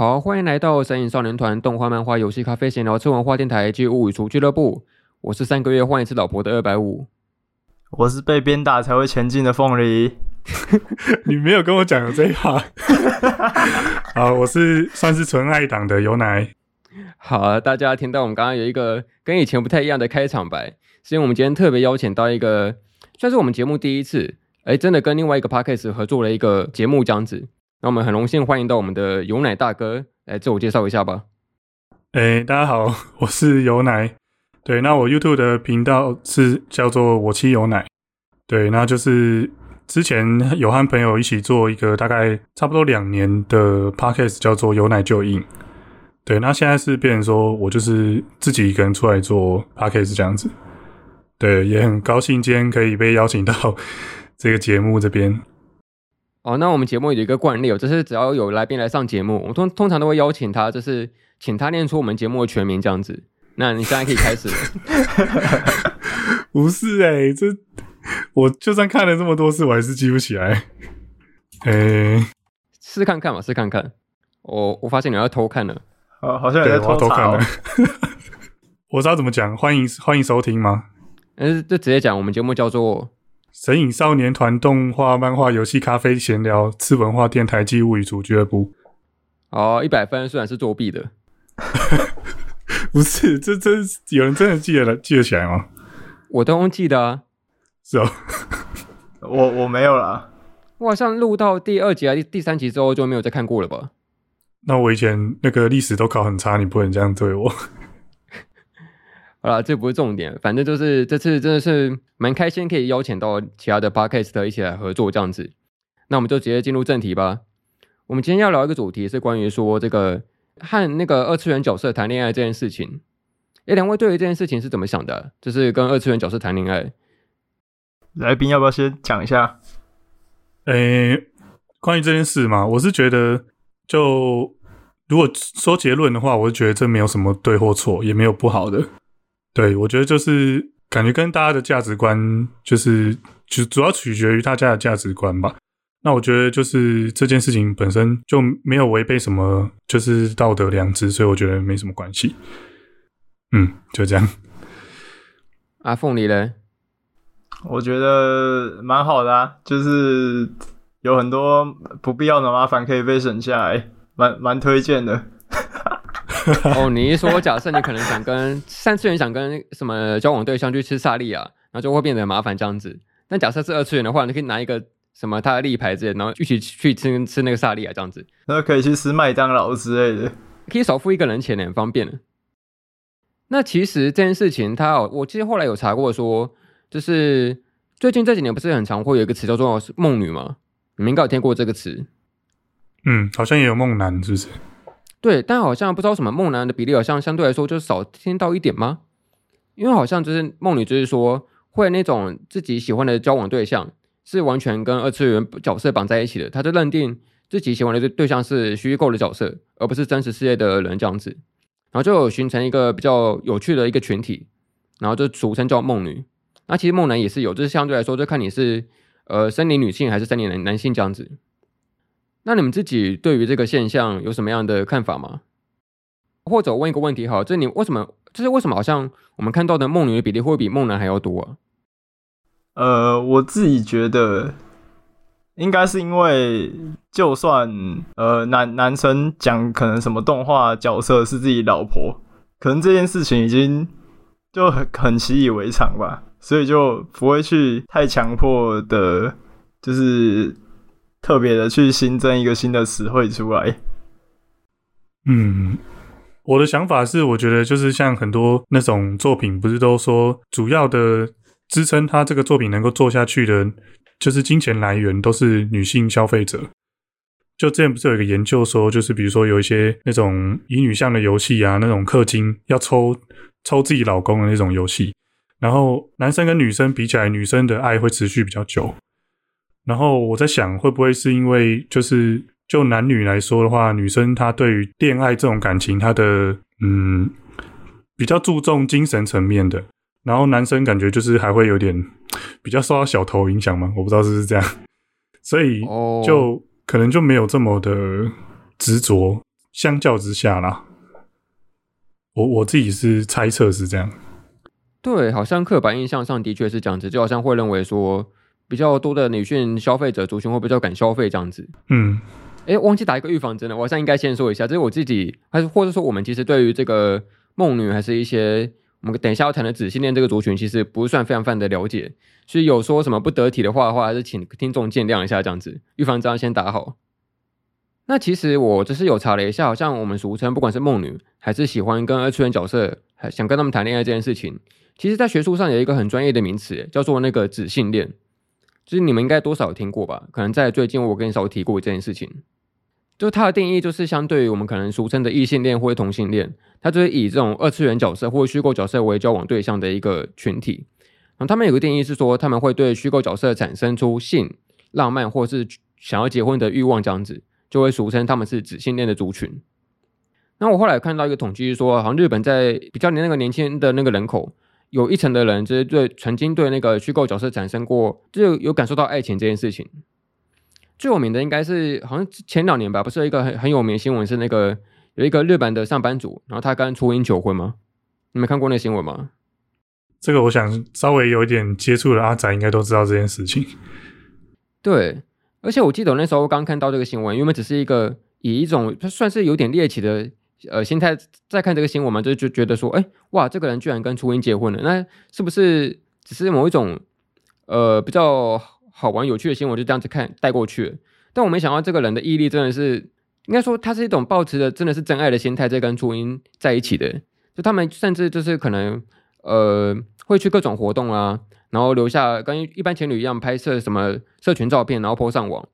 好、啊，歡迎來到《神隱少年團》動畫、漫畫、遊戲、咖啡、閒聊、吃文化電台及物語書俱樂部。我是三個月換一次老婆的二百五。我是被鞭打才會前進的鳳梨。 你沒有跟我講的這一趴。 好，我是算是純愛黨的有奶。好啊，大家聽到我們剛剛有一個跟以前不太一樣的開場白，是因為我們今天特別邀請到一個算是我們節目第一次，哎，真的跟另外一個 podcast 合作了一個節目這樣子。那我們很榮幸歡迎到我們的有奶大哥來自我介紹一下吧。哎、欸，大家好，我是有奶。對，那我 YouTube 的頻道是叫做我妻有奶。對，那就是之前有和朋友一起做一個大概差不多兩年的 Podcast，叫做有奶就硬。對，那現在是變成說我就是自己一個人出來做 Podcast 這樣子。對，也很高興今天可以被邀請到這個節目這邊。哦，那我們節目有一個慣例、哦，就是只要有來賓來上節目，我通通常都會邀請他，就是請他念出我們節目的全名這樣子。那你現在可以開始了。 不是哎、欸，這我就算看了這麼多次，我還是記不起來。哎、欸，試看看嘛，試看看。我我發現你要偷看了，啊，好像也在偷看了要偷看了。 我知道怎麼講，歡迎歡迎收聽嗎？嗯，就直接講，我們節目叫做。神隱少年團動畫、漫畫、遊戲、咖啡閒聊次文化電臺及物語組俱樂部。哦，一百分雖然是作弊的， 不是，這這有人真的記得了，記得起來嗎？我都記得啊，是哦，我我沒有了，我好像錄到第二集還是第三集之後就沒有再看過了吧？那我以前那個歷史都考很差，你不能這樣對我。好了，這不是重點，反正就是這次真的是蠻開心，可以邀請到其他的 podcast 一起來合作這樣子。那我們就直接進入正題吧。我們今天要聊一個主題，是關於說，這個和那個二次元角色談戀愛這件事情。哎，兩位對於這件事情是怎麼想的？啊？就是跟二次元角色談戀愛，來賓要不要先講一下？哎、欸，關於這件事嘛，我是覺得就如果說結論的話，我是覺得這沒有什麼對或錯，也沒有不好的。對，我覺得就是感覺跟大家的價值觀就是，就主要取決於大家的價值觀吧。那我覺得就是這件事情本身就沒有違背什麼，就是道德良知，所以我覺得沒什麼關係。嗯，就這樣。阿鳳你呢？我覺得蠻好的啊，就是有很多不必要的麻煩可以被省下來，欸，蠻蠻推薦的。 哦，你一說，假設你可能想跟三次元想跟什麼交往對象去吃薩莉亞，然後就會變得很麻煩這樣子。但假設是二次元的話，你可以拿一個什麼他的立牌之類，然後一起去吃吃那個薩莉亞，這樣子，那可以去吃麥當勞之類的，可以少付一個人錢，很方便。那其實這件事情，哦，他我其實後來有查過說，說就是最近這幾年不是很常會有一個詞叫做「夢女」嗎？你們應該有聽過這個詞。嗯，好像也有夢男，是不是？對，但好像不知道什麼夢男的比例，好像相對來說就少聽到一點嗎？因為好像就是夢女，就是說會那種自己喜歡的交往對象是完全跟二次元角色綁在一起的，他就認定自己喜歡的對對象是虛構的角色，而不是真實世界的人這樣子，然後就有形成一個比較有趣的一個群體，然後就俗稱叫夢女。那其實夢男也是有，就是相對來說就看你是呃生理女性還是生理男男性這樣子。那你們自己對於這個現象有什麼樣的看法嗎？或者我問一個問題哈，就是你為什麼？就是為什麼？好像我們看到的夢女的比例會比夢男還要多啊？呃，我自己覺得應該是因為，就算呃男男生講可能什麼動畫角色是自己老婆，可能這件事情已經就很很習以為常吧，所以就不會去太強迫的，就是。特別的去新增一個新的詞彙出來，嗯，我的想法是，我覺得就是像很多那種作品，不是都說主要的支撐他這個作品能夠做下去的，就是金錢來源都是女性消費者？就之前不是有一個研究說，就是比如說有一些那種乙女向的遊戲啊，那種氪金要抽抽自己老公的那種遊戲，然後男生跟女生比起來，女生的愛會持續比較久。然後我在想，會不會是因為就是就男女來說的話，女生她對於戀愛這種感情，她的嗯比較注重精神層面的，然後男生感覺就是還會有點比較受到小頭影響嘛。我不知道是不是這樣，所以就可能就沒有這麼的執着。相較之下啦，我我自己是猜測是這樣，對，好像刻板印象上的確是這樣子，就好像會認為說，比較多的女性消費者族群會比較敢消費這樣子，嗯，哎、欸，忘記打一個預防針了，我好像應該先說一下，就是我自己還是或者說我們其實對於這個夢女，還是一些我們等一下要談的紙性戀這個族群，其實不是算非常常的了解，所以有說什麼不得體的話的話，還是請聽眾見諒一下這樣子，預防針先打好。那其實我就是有查了一下，好像我們俗稱不管是夢女，還是喜歡跟二次元角色，還想跟他們談戀愛這件事情，其實在學術上有一個很專業的名詞叫做那個紙性戀。其實你們應該多少有聽過吧？可能在最近我跟你稍提過這件事情。就他的定義就是相對於我們可能俗稱的異性戀或同性戀，他就是以這種二次元角色或虛構角色為交往對象的一個群體。然後他們有個定義是說，他們會對虛構角色產生出性浪漫或是想要結婚的慾望這樣子，就會俗稱他們是“紙性戀”的族群。那我後來看到一個統計是說，好像日本在比較年那個年輕的那個人口。有一成的人，就是對曾經對那個虛構角色產生過，就有，有感受到愛情這件事情。最有名的應該是好像前兩年吧，不是有一個很很有名的新聞，是那個有一個日本的上班族，然後他跟初音求婚嗎？你沒看過那新聞嗎？這個我想稍微有一點接觸的阿、啊、宅應該都知道這件事情。 對，而且我記得那時候剛看到這個新聞，原本只是一個以一種算是有點獵奇的。呃，心態再看這個新聞嘛，就就覺得說，哎、欸，哇，這個人居然跟初音結婚了，那是不是只是某一種呃，比較好玩、有趣的新聞？就這樣子看帶過去。但我沒想到這個人的毅力真的是，應該說他是一種抱持著真的是真愛的心態在跟初音在一起的。就他們甚至就是可能呃會去各種活動啊，然後留下跟一般情侶一樣拍攝什麼社群照片，然後 po 上網，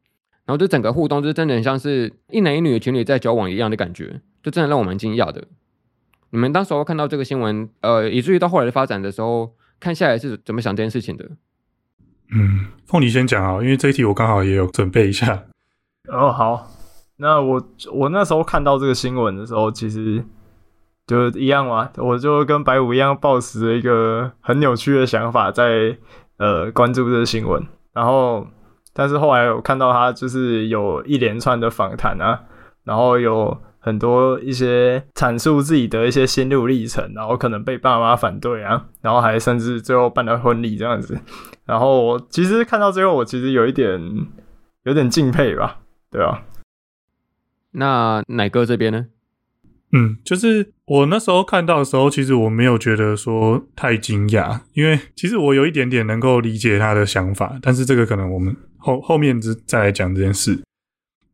然後就整個互動就真的很像是一男一女的情侶在交往一樣的感覺。就真的讓我蠻驚訝的，你們當時候看到這個新聞，呃，以至於到後來的發展的時候，看下來是怎麼想這件事情的？嗯，鳳梨先講啊，因為這一題我剛好也有準備一下。哦，好，那我我那時候看到這個新聞的時候，其實就是一樣嘛，我就跟白五一樣，抱持著一個很扭曲的想法在呃關注這個新聞，然後但是後來我看到他就是有一連串的訪談啊，然後有。很多一些闡述自己的一些心路歷程，然後可能被爸媽反對啊，然後還甚至最後辦了婚禮這樣子，然後我其實看到最後，我其實有一點有點敬佩吧，對吧？那奶哥這邊呢？嗯，就是我那時候看到的時候，其實我沒有覺得說太驚訝，因為其實我有一點點能夠理解他的想法，但是這個可能我們後後面再來講這件事。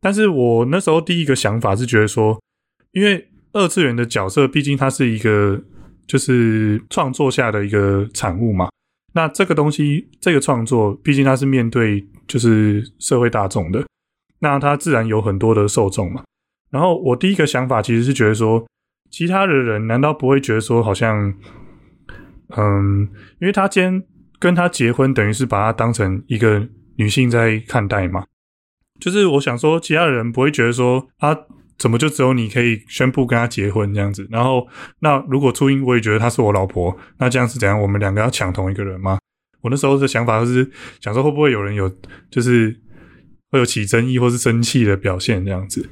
但是我那時候第一個想法是覺得說，因為二次元的角色，畢竟它是一個就是創作下的一個產物嘛，那這個東西這個創作，畢竟它是面對就是社會大眾的，那它自然有很多的受眾嘛。然後我第一個想法其實是覺得說，其他的人難道不會覺得說，好像，嗯，因為他跟跟他結婚，等於是把他當成一個女性在看待嘛。就是我想說，其他人不會覺得說啊，怎麼就只有你可以宣布跟他結婚這樣子？然後，那如果初音，我也覺得她是我老婆，那這樣是怎樣？我們兩個要搶同一個人嗎？我那時候的想法就是想說，會不會有人有就是會有起爭議或是生氣的表現這樣子？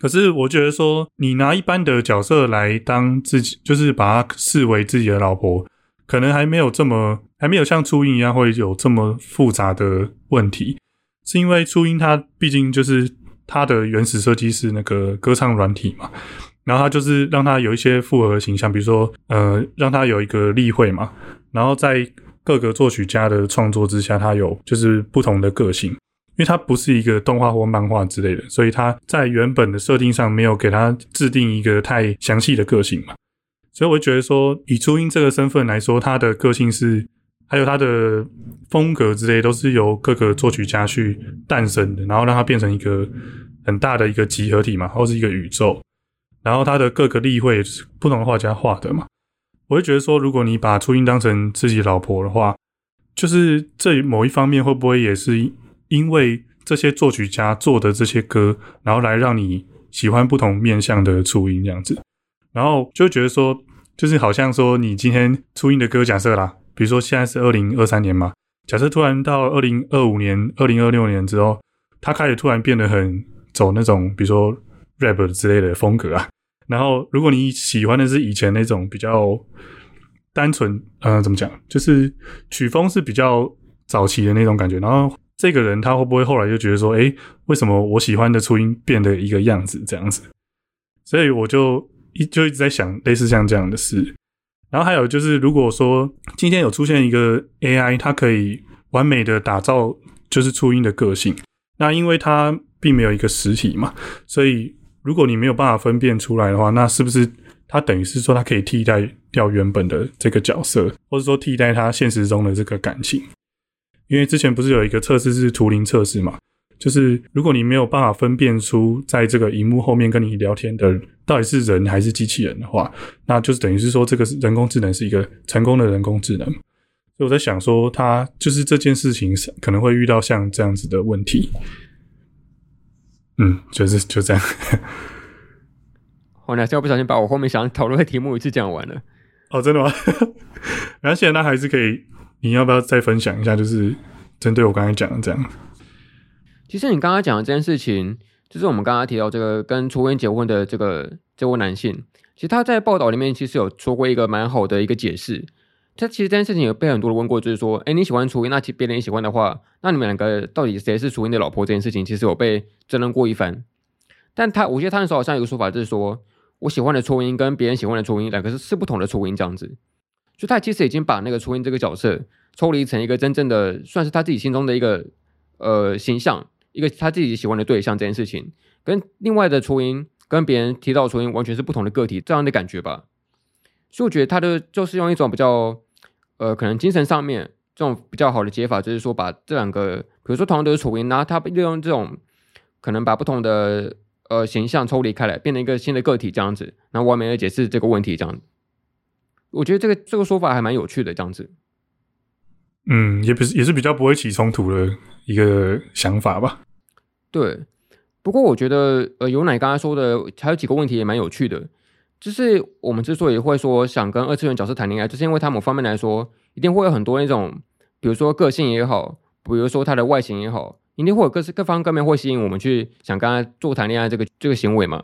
可是我覺得說，你拿一般的角色來當自己，就是把她視為自己的老婆，可能還沒有這麼，還沒有像初音一樣會有這麼複雜的問題。是因為初音它畢竟就是它的原始設計是那個歌唱軟體嘛，然後它就是讓它有一些複合形象，比如說呃，讓它有一個立繪嘛，然後在各個作曲家的創作之下，它有就是不同的個性，因為他不是一個動畫或漫畫之類的，所以他在原本的設定上沒有給他制定一個太詳細的個性嘛，所以我覺得說以初音這個身份來說，他的個性是。還有它的風格之類，都是由各個作曲家去誕生的，然後讓它變成一個很大的一個集合體嘛，或是一個宇宙。然後它的各個立繪，也是不同的畫家畫的嘛。我會覺得說，如果你把初音當成自己的老婆的話，就是這某一方面會不會也是因為這些作曲家做的這些歌，然後來讓你喜歡不同面向的初音這樣子？然後就覺得說，就是好像說，你今天初音的歌，假設啦。比如說，現在是二零二三年嘛。假設突然到二零二五年、二零二六年之後，他開始突然變得很走那種，比如說 rap 之類的風格啊。然後，如果你喜歡的是以前那種比較單純，嗯、呃，怎麼講，就是曲風是比較早期的那種感覺。然後，這個人他會不會後來就覺得說，誒，為什麼我喜歡的初音變得一個樣子這樣子？所以，我就一就一直在想類似像這樣的事。然後還有就是，如果說今天有出現一個 AI，它可以完美的打造就是初音的個性，那因為它並沒有一個實體嘛，所以如果你沒有辦法分辨出來的話，那是不是它等於是說它可以替代掉原本的這個角色，或者說替代它現實中的這個感情？因為之前不是有一個測試是圖靈測試嘛？就是如果你沒有辦法分辨出在這個螢幕後面跟你聊天的到底是人還是機器人的話，那就是等於是說這個是人工智能是一個成功的人工智能。所以我在想說，它就是這件事情可能會遇到像這樣子的問題。嗯，就是就這樣。好、 哦，哪知道不小心把我後面想討論的題目一次講完了。哦，真的嗎？現 在那還是可以，你要不要再分享一下？就是針對我剛才講的這樣。其實你剛剛講的這件事情，就是我們剛剛提到這個跟初音結婚的這個這位男性，其實他在報道裡面其實有說過一個蠻好的一個解釋。他其實這件事情有被很多人問過，就是說，哎，你喜歡初音，那其別人也喜歡的話，那你們兩個到底誰是初音的老婆？這件事情其實有被爭論過一番。但他，我覺得他那時候好像有一個說法，就是說我喜歡的初音跟別人喜歡的初音兩個是是不同的初音這樣子。就他其實已經把那個初音這個角色抽離成一個真正的，算是他自己心中的一個呃形象。一個他自己喜歡的對象這件事情，跟另外的初音跟別人提到初音完全是不同的個體，這樣的感覺吧。所以我覺得他的就是用一種比較，呃，可能精神上面這種比較好的解法，就是說把這兩個，比如說同樣都是初音，然後他利用這種可能把不同的呃形象抽離開來，變成一個新的個體這樣子，然後完美的解釋這個問題這樣子。我覺得這個這個說法還蠻有趣的這樣子。嗯，也不是也是比較不會起衝突的。一個想法吧，對。不過我覺得，呃，有奶剛剛說的還有幾個問題也蠻有趣的，就是我們之所以會說想跟二次元角色談戀愛，就是因為他某方面來說，一定會有很多那種，比如說個性也好，比如說他的外形也好，一定會有各式各方各面會吸引我們去想跟他做談戀愛這個這個行為嘛。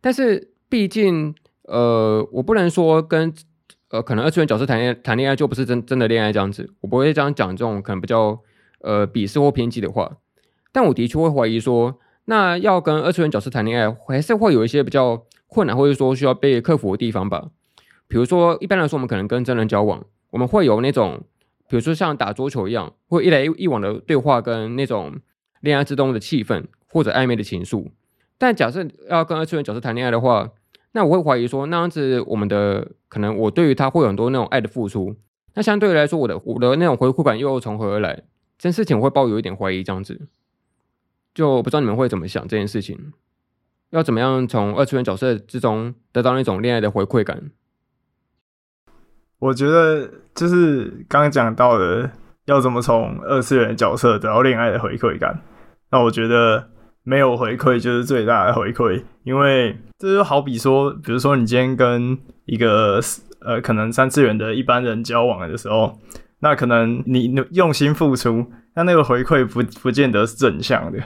但是畢竟，呃，我不能說跟呃可能二次元角色談戀愛談戀愛就不是真真的戀愛這樣子，我不會這樣講這種可能比較。呃，鄙視或偏激的話，但我的確會懷疑說，那要跟二次元角色談戀愛，還是會有一些比較困難，或者說需要被克服的地方吧。比如說，一般來說，我們可能跟真人交往，我們會有那種，比如說像打桌球一樣，會一來一往的對話跟那種戀愛互動的氣氛或者曖昧的情愫。但假設要跟二次元角色談戀愛的話，那我會懷疑說，那樣子我們的可能，我對於他會有很多那種愛的付出，那相對於來說，我的我的那種回饋感又，又從何而來？這件事情我會抱有一點懷疑，這樣子，就不知道你們會怎麼想這件事情，要怎麼樣從二次元角色之中得到那種戀愛的回饋感？我覺得就是剛剛講到的，要怎麼從二次元角色得到戀愛的回饋感？那我覺得沒有回饋就是最大的回饋，因為這就好比說，比如說你今天跟一個呃，可能三次元的一般人交往的時候。那可能你用心付出，那那個回饋不不見得是正向的，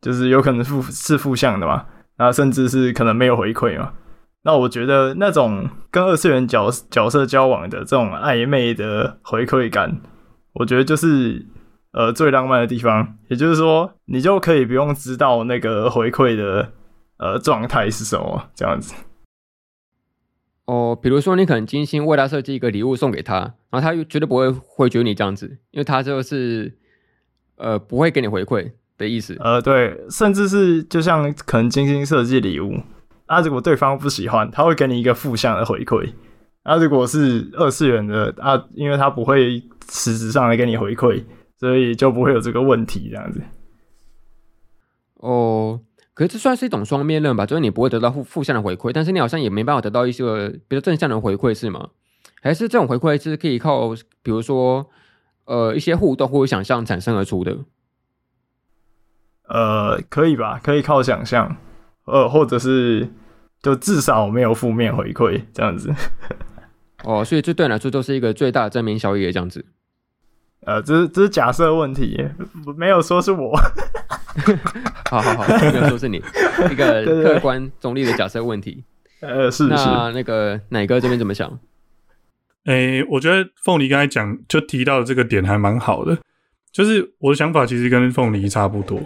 就是有可能是負是負向的嘛，那甚至是可能沒有回饋嘛。那我覺得那種跟二次元角角色交往的這種曖昧的回饋感，我覺得就是呃最浪漫的地方。也就是說，你就可以不用知道那個回饋的呃狀態是什麼，這樣子。哦，比如說你可能精心為他設計一個禮物送給他，然後他又絕對不會回絕你這樣子，因為他就是，呃，不會給你回饋的意思。呃，對，甚至是就像可能精心設計禮物，那、啊、如果對方不喜歡，他會給你一個負向的回饋。那、啊、如果是二次元的啊，因為他不會實質上來給你回饋，所以就不會有這個問題這樣子。哦。可是這算是一種雙面刃吧？就是你不會得到負負向的回饋，但是你好像也沒辦法得到一些一比較正向的回饋，是嗎？還是這種回饋是可以靠，比如說，呃，一些互動或者想象產生而出的？呃，可以吧？可以靠想象，呃，或者是就至少沒有負面回饋這樣子。 哦，所以這對你來說就是一個最大的正面效益這樣子。呃，這是這是假設問題耶，沒有說是我。 好好好，沒有說是你 一個客觀中立的假設問題。對對對 呃，是是。那那個奶哥這邊怎麼想？誒、欸，我覺得鳳梨剛才講就提到的這個點還蠻好的，就是我的想法其實跟鳳梨差不多。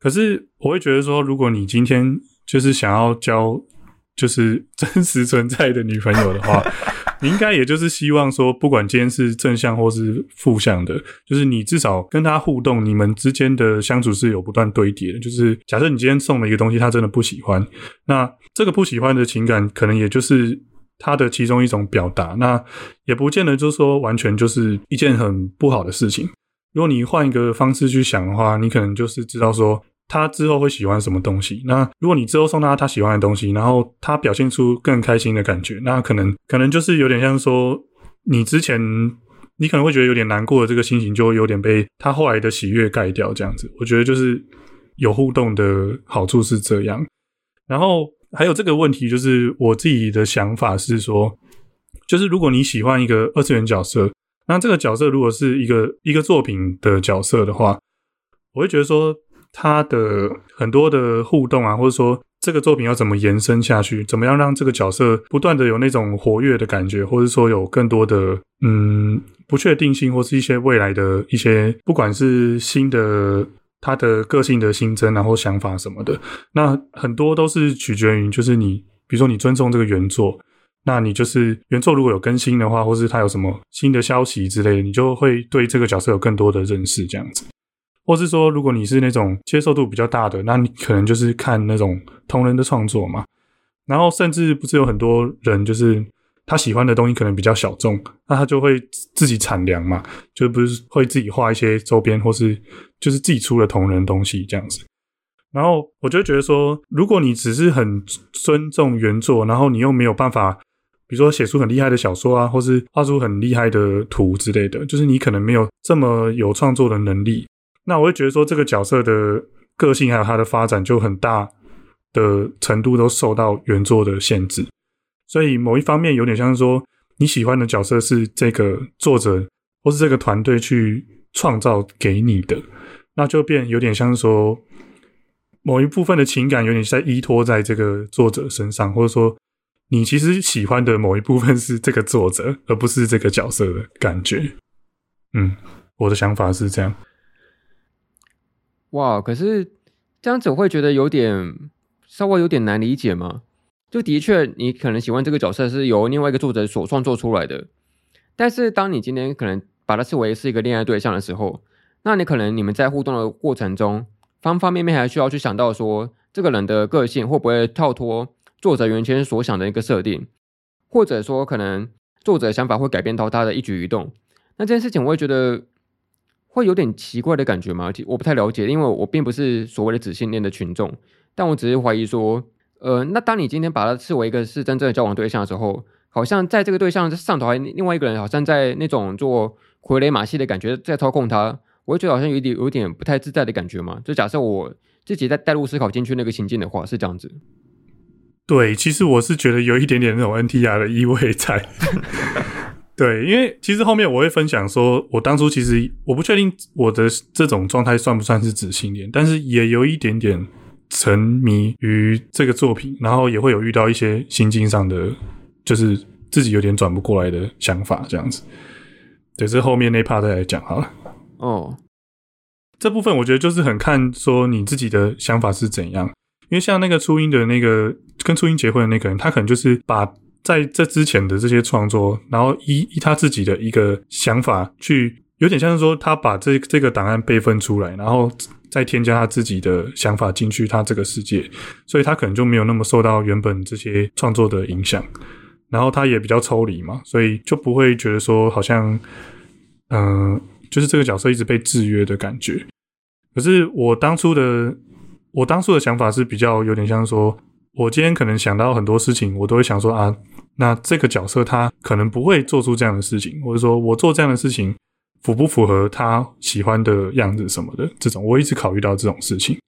可是我會覺得說，如果你今天就是想要教，就是真實存在的女朋友的話，你應該也就是希望說，不管今天是正向或是負向的，就是你至少跟他互動，你們之間的相處是有不斷堆疊的。就是假設你今天送了一個東西，他真的不喜歡，那這個不喜歡的情感，可能也就是他的其中一種表達。那也不見得就是說完全就是一件很不好的事情。如果你換一個方式去想的話，你可能就是知道說。他之後會喜歡什麼東西？那如果你之後送他他喜歡的東西，然後他表現出更開心的感覺，那可能可能就是有點像說，你之前你可能會覺得有點難過的這個心情，就有點被他後來的喜悅蓋掉這樣子。我覺得就是有互動的好處是這樣。然後還有這個問題，就是我自己的想法是說，就是如果你喜歡一個二次元角色，那這個角色如果是一個一個作品的角色的話，我會覺得說。他的很多的互動啊，或者說這個作品要怎麼延伸下去，怎麼樣讓這個角色不斷的有那種活躍的感覺，或者說有更多的嗯不確定性，或是一些未來的一些，不管是新的他的個性的新增，然後想法什麼的，那很多都是取決於就是你，比如說你尊重這個原作，那你就是原作如果有更新的話，或是他有什麼新的消息之類的，你就會對這個角色有更多的認識，這樣子。或是說，如果你是那種接受度比較大的，那你可能就是看那種同人的創作嘛。然後甚至不是有很多人，就是他喜歡的東西可能比較小眾，那他就會自己產糧嘛，就不是會自己畫一些周邊，或是就是自己出了同人東西這樣子。然後我就覺得說，如果你只是很尊重原作，然後你又沒有辦法，比如說寫出很厲害的小說啊，或是畫出很厲害的圖之類的，就是你可能沒有這麼有創作的能力。那我會覺得說，這個角色的個性還有他的發展，就很大的程度都受到原作的限制。所以某一方面有點像是說，你喜歡的角色是這個作者或是這個團隊去創造給你的，那就變有點像是說，某一部分的情感有點在依託在這個作者身上，或者說你其實喜歡的某一部分是這個作者，而不是這個角色的感覺。嗯，我的想法是這樣。哇，可是這樣子我會覺得有點稍微有點難理解嗎？就的確，你可能喜歡這個角色是由另外一個作者所創作出來的，但是當你今天可能把它視為是一個戀愛對象的時候，那你可能你們在互動的過程中，方方面面還需要去想到說，這個人的個性會不會跳脫作者原先所想的一個設定，或者說可能作者想法會改變到他的一舉一動，那這件事情我會覺得。會有點奇怪的感覺嗎？我不太了解，因為我並不是所謂的紙性戀的群眾，但我只是懷疑說，呃，那當你今天把他視為一個是真正的交往對象的時候，好像在這個對象上頭另外一個人，好像在那種做傀儡馬戲的感覺在操控他，我會覺得好像有點有點不太自在的感覺嘛。就假設我自己在代入思考進去那個情境的話，是這樣子。對，其實我是覺得有一點點那種 NTR 的意味在。 對，因為其實後面我會分享說，我當初其實我不確定我的這種狀態算不算是紙性戀，但是也有一點點沉迷於這個作品，然後也會有遇到一些心境上的，就是自己有點轉不過來的想法，這樣子。對，這後面那 part 再來講好了。哦，oh. 這部分我覺得就是很看說你自己的想法是怎樣，因為像那個初音的那個跟初音結婚的那個人，他可能就是把。在這之前的這些創作，然後依依他自己的一個想法去，有點像是說他把這這個檔案備份出來，然後再添加他自己的想法進去他這個世界，所以他可能就沒有那麼受到原本這些創作的影響，然後他也比較抽離嘛，所以就不會覺得說好像，嗯、呃，就是這個角色一直被制約的感覺。可是我當初的我當初的想法是比較有點像是說，我今天可能想到很多事情，我都會想說啊。那這個角色他可能不會做出這樣的事情，或者說我做這樣的事情符不符合他喜歡的樣子什麼的，這種我一直考慮到這種事情。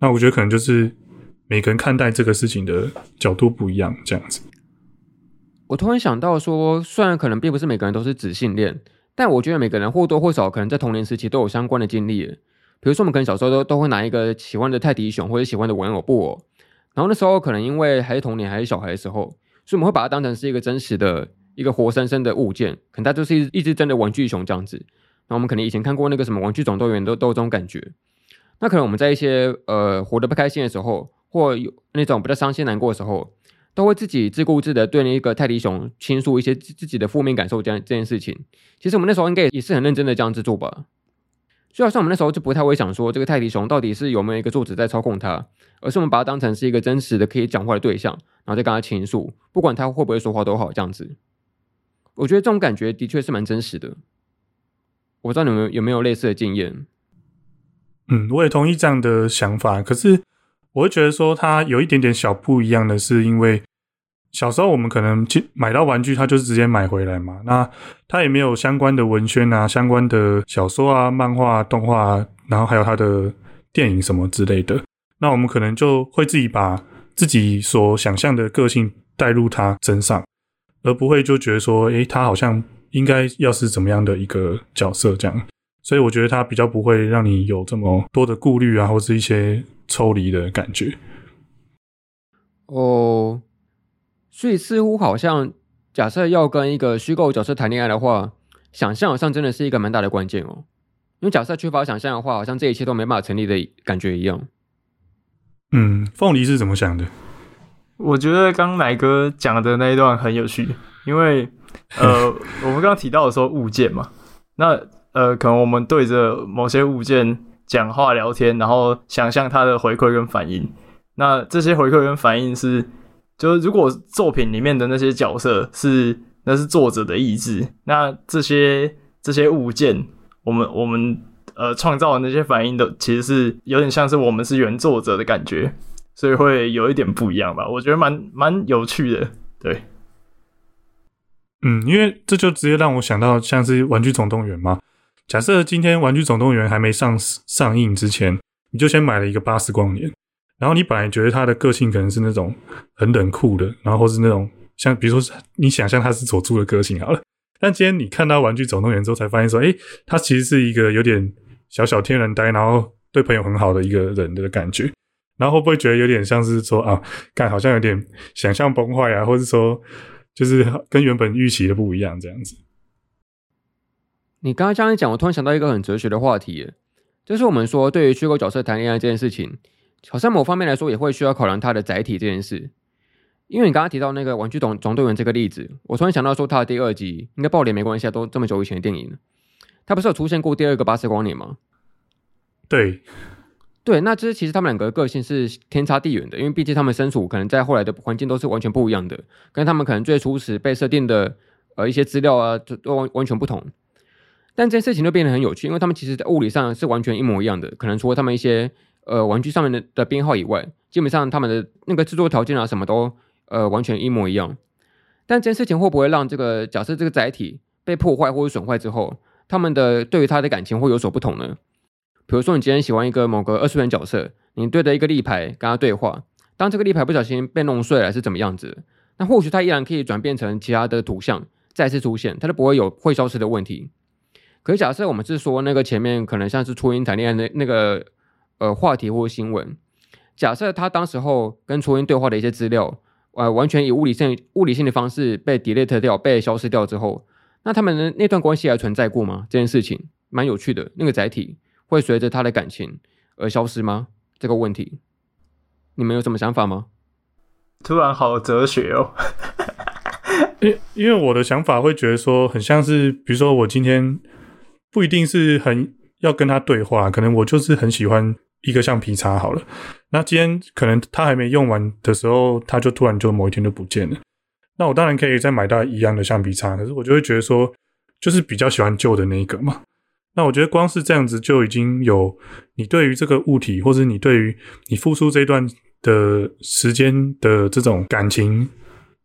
那我覺得可能就是每個人看待這個事情的角度不一樣，這樣子。我突然想到說，雖然可能並不是每個人都是紙性戀，但我覺得每個人或多或少可能在童年時期都有相關的經歷。比如說我們可能小時候都都會拿一個喜歡的泰迪熊或者喜歡的玩偶布偶，然後那時候可能因為還是童年還是小孩的時候。所以我們會把它當成是一個真實的一個活生生的物件，可能它就是一隻真的玩具熊這樣子。那我們可能以前看過那個什麼玩具總動員，都都有這種感覺。那可能我們在一些呃活得不開心的時候，或有那種比較傷心難過的時候，都會自己自顧自的對那個泰迪熊傾訴一些自自己的負面感受這樣這件事情。其實我們那時候應該也是很認真的這樣子做吧。就好像我們那時候就不太會想說這個泰迪熊到底是有沒有一個作者在操控它，而是我們把它當成是一個真實的可以講話的對象，然後再跟他傾訴，不管他會不會說話都好，這樣子。我覺得這種感覺的確是蠻真實的。我不知道你們有沒有類似的經驗？嗯，我也同意這樣的想法，可是我會覺得說它有一點點小不一樣的是因為。小時候我們可能買到玩具，他就是直接買回來嘛。那他也沒有相關的文宣啊、相關的小說啊、漫畫、啊、動畫、啊，然後還有他的電影什麼之類的。那我們可能就會自己把自己所想象的個性帶入他身上，而不會就覺得說，哎，他好像應該要是怎麼樣的一個角色這樣。所以我覺得他比較不會讓你有這麼多的顧慮啊，或是一些抽離的感覺。哦。Oh. 所以似乎好像，假設要跟一個虛構角色談戀愛的話，想象好像真的是一個蠻大的關鍵哦、喔。因為假設缺乏想象的話，好像這一切都沒辦法成立的感覺一樣。嗯，鳳梨是怎麼想的？我覺得剛剛奶哥講的那一段很有趣，因為呃，我們剛剛提到的時候物件嘛， 那呃，可能我們對着某些物件講話聊天，然後想象它的回饋跟反應，那這些回饋跟反應是。就是如果作品裡面的那些角色是，那是作者的意志，那這些這些物件，我們我們呃創造的那些反應，都其實是有點像是我們是原作者的感覺，所以會有一點不一樣吧？我覺得蠻蠻有趣的。對，嗯，因為這就直接讓我想到像是《玩具總動員》嘛。假設今天《玩具總動員》還沒上上映之前，你就先買了一個巴斯光年。然後你本來覺得他的個性可能是那種很冷酷的，然後或是那種像，比如說你想象他是佐助的個性好了。但今天你看到玩具總動員之後，才發現說，哎、欸，他其實是一個有點小小天然呆，然後對朋友很好的一個人的感覺。然後會不會覺得有點像是說啊，感覺好像有點想象崩壞啊，或是說就是跟原本預期的不一樣這樣子？你剛剛這樣一講，我突然想到一個很哲學的話題，就是我們說對於虛構角色談戀愛這件事情。好像某方面來說也會需要考量他的載體這件事，因為你剛剛提到那個玩具總總動員這個例子，我突然想到說他的第二集應該爆雷沒關係啊，都這麼久以前的電影了，他不是有出現過第二個巴斯光年嗎？對，對，那這其實他們兩個個性是天差地遠的，因為畢竟他們身處可能在後來的環境都是完全不一樣的，跟他們可能最初時被設定的呃一些資料啊都完完全不同。但這件事情就變得很有趣，因為他們其實在物理上是完全一模一樣的，可能除了他們一些。呃，玩具上面的的編號以外，基本上他們的那個製作條件啊，什麼都呃完全一模一樣。但這件事情會不會讓這個假設這個載體被破壞或者損壞之後，他們的對於他的感情會有所不同呢？比如說，你今天喜歡一個某個二次元角色，你對着一個立牌跟他對話，當這個立牌不小心被弄碎了是怎麼樣子？那或許他依然可以轉變成其他的圖像再次出現，他都不會有會消失的問題。可假設我們是說那個前面可能像是初音談戀愛那那個。呃，話題或新聞，假設他當時候跟初音對話的一些資料，呃，完全以物理性、物理性的方式被 delete 掉、被消失掉之後，那他們的那段關係還存在過嗎？這件事情蠻有趣的，那個載體會隨着他的感情而消失嗎？這個問題，你們有什麼想法嗎？突然好哲學哦， 因為因為我的想法會覺得說，很像是，比如說我今天不一定是很要跟他對話，可能我就是很喜歡一個橡皮擦好了。那今天可能他還沒用完的時候，他就突然就某一天就不見了。那我當然可以再買到一樣的橡皮擦，可是我就會覺得說，就是比較喜歡舊的那一個嘛。那我覺得光是這樣子就已經有你對於這個物體，或是你對於你付出這段的時間的這種感情，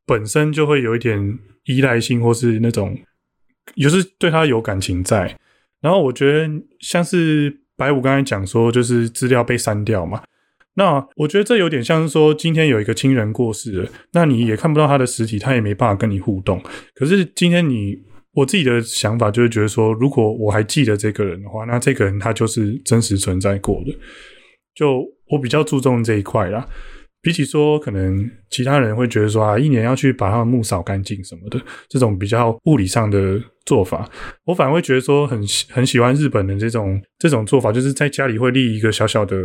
本身就會有一點依賴性，或是那種，也、就是對他有感情在。然後我覺得，像是白五剛才講說，就是資料被刪掉嘛。那我覺得這有點像是說，今天有一個親人過世了，那你也看不到他的實體，他也沒辦法跟你互動。可是今天你，我自己的想法就是覺得說，如果我還記得這個人的話，那這個人他就是真實存在過的。就我比較注重這一塊啦。比起說，可能其他人會覺得說啊，一年要去把他的墓掃乾淨什麼的，這種比較物理上的做法，我反而會覺得說很很喜歡日本的這種這種做法，就是在家裡會立一個小小的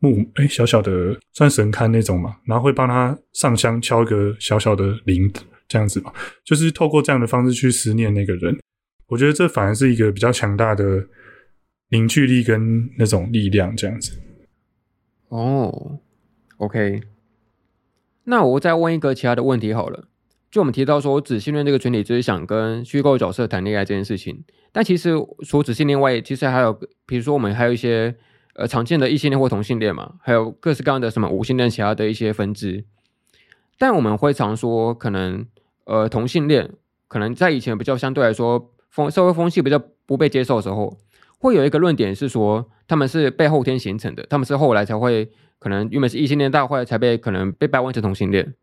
墓，哎，小小的算神龕那種嘛，然後會幫他上香敲一個小小的鈴，這樣子嘛，就是透過這樣的方式去思念那個人，我覺得這反而是一個比較強大的凝聚力跟那種力量這樣子。哦，OK。那我再問一個其他的問題好了，就我們提到說，紙性戀這個群體就是想跟虛構角色談戀愛這件事情。但其實除紙性戀外，其實還有，比如說我們還有一些呃常見的異性戀或同性戀嘛，還有各式各樣的什麼無性戀其他的一些分支。但我們會常說，可能呃同性戀可能在以前比較相對來說風社會風氣比較不被接受的時候，會有一個論點是說他們是被後天形成的，他們是後來才會。可能原本是異性戀，到後來才被可能被掰彎成同性戀。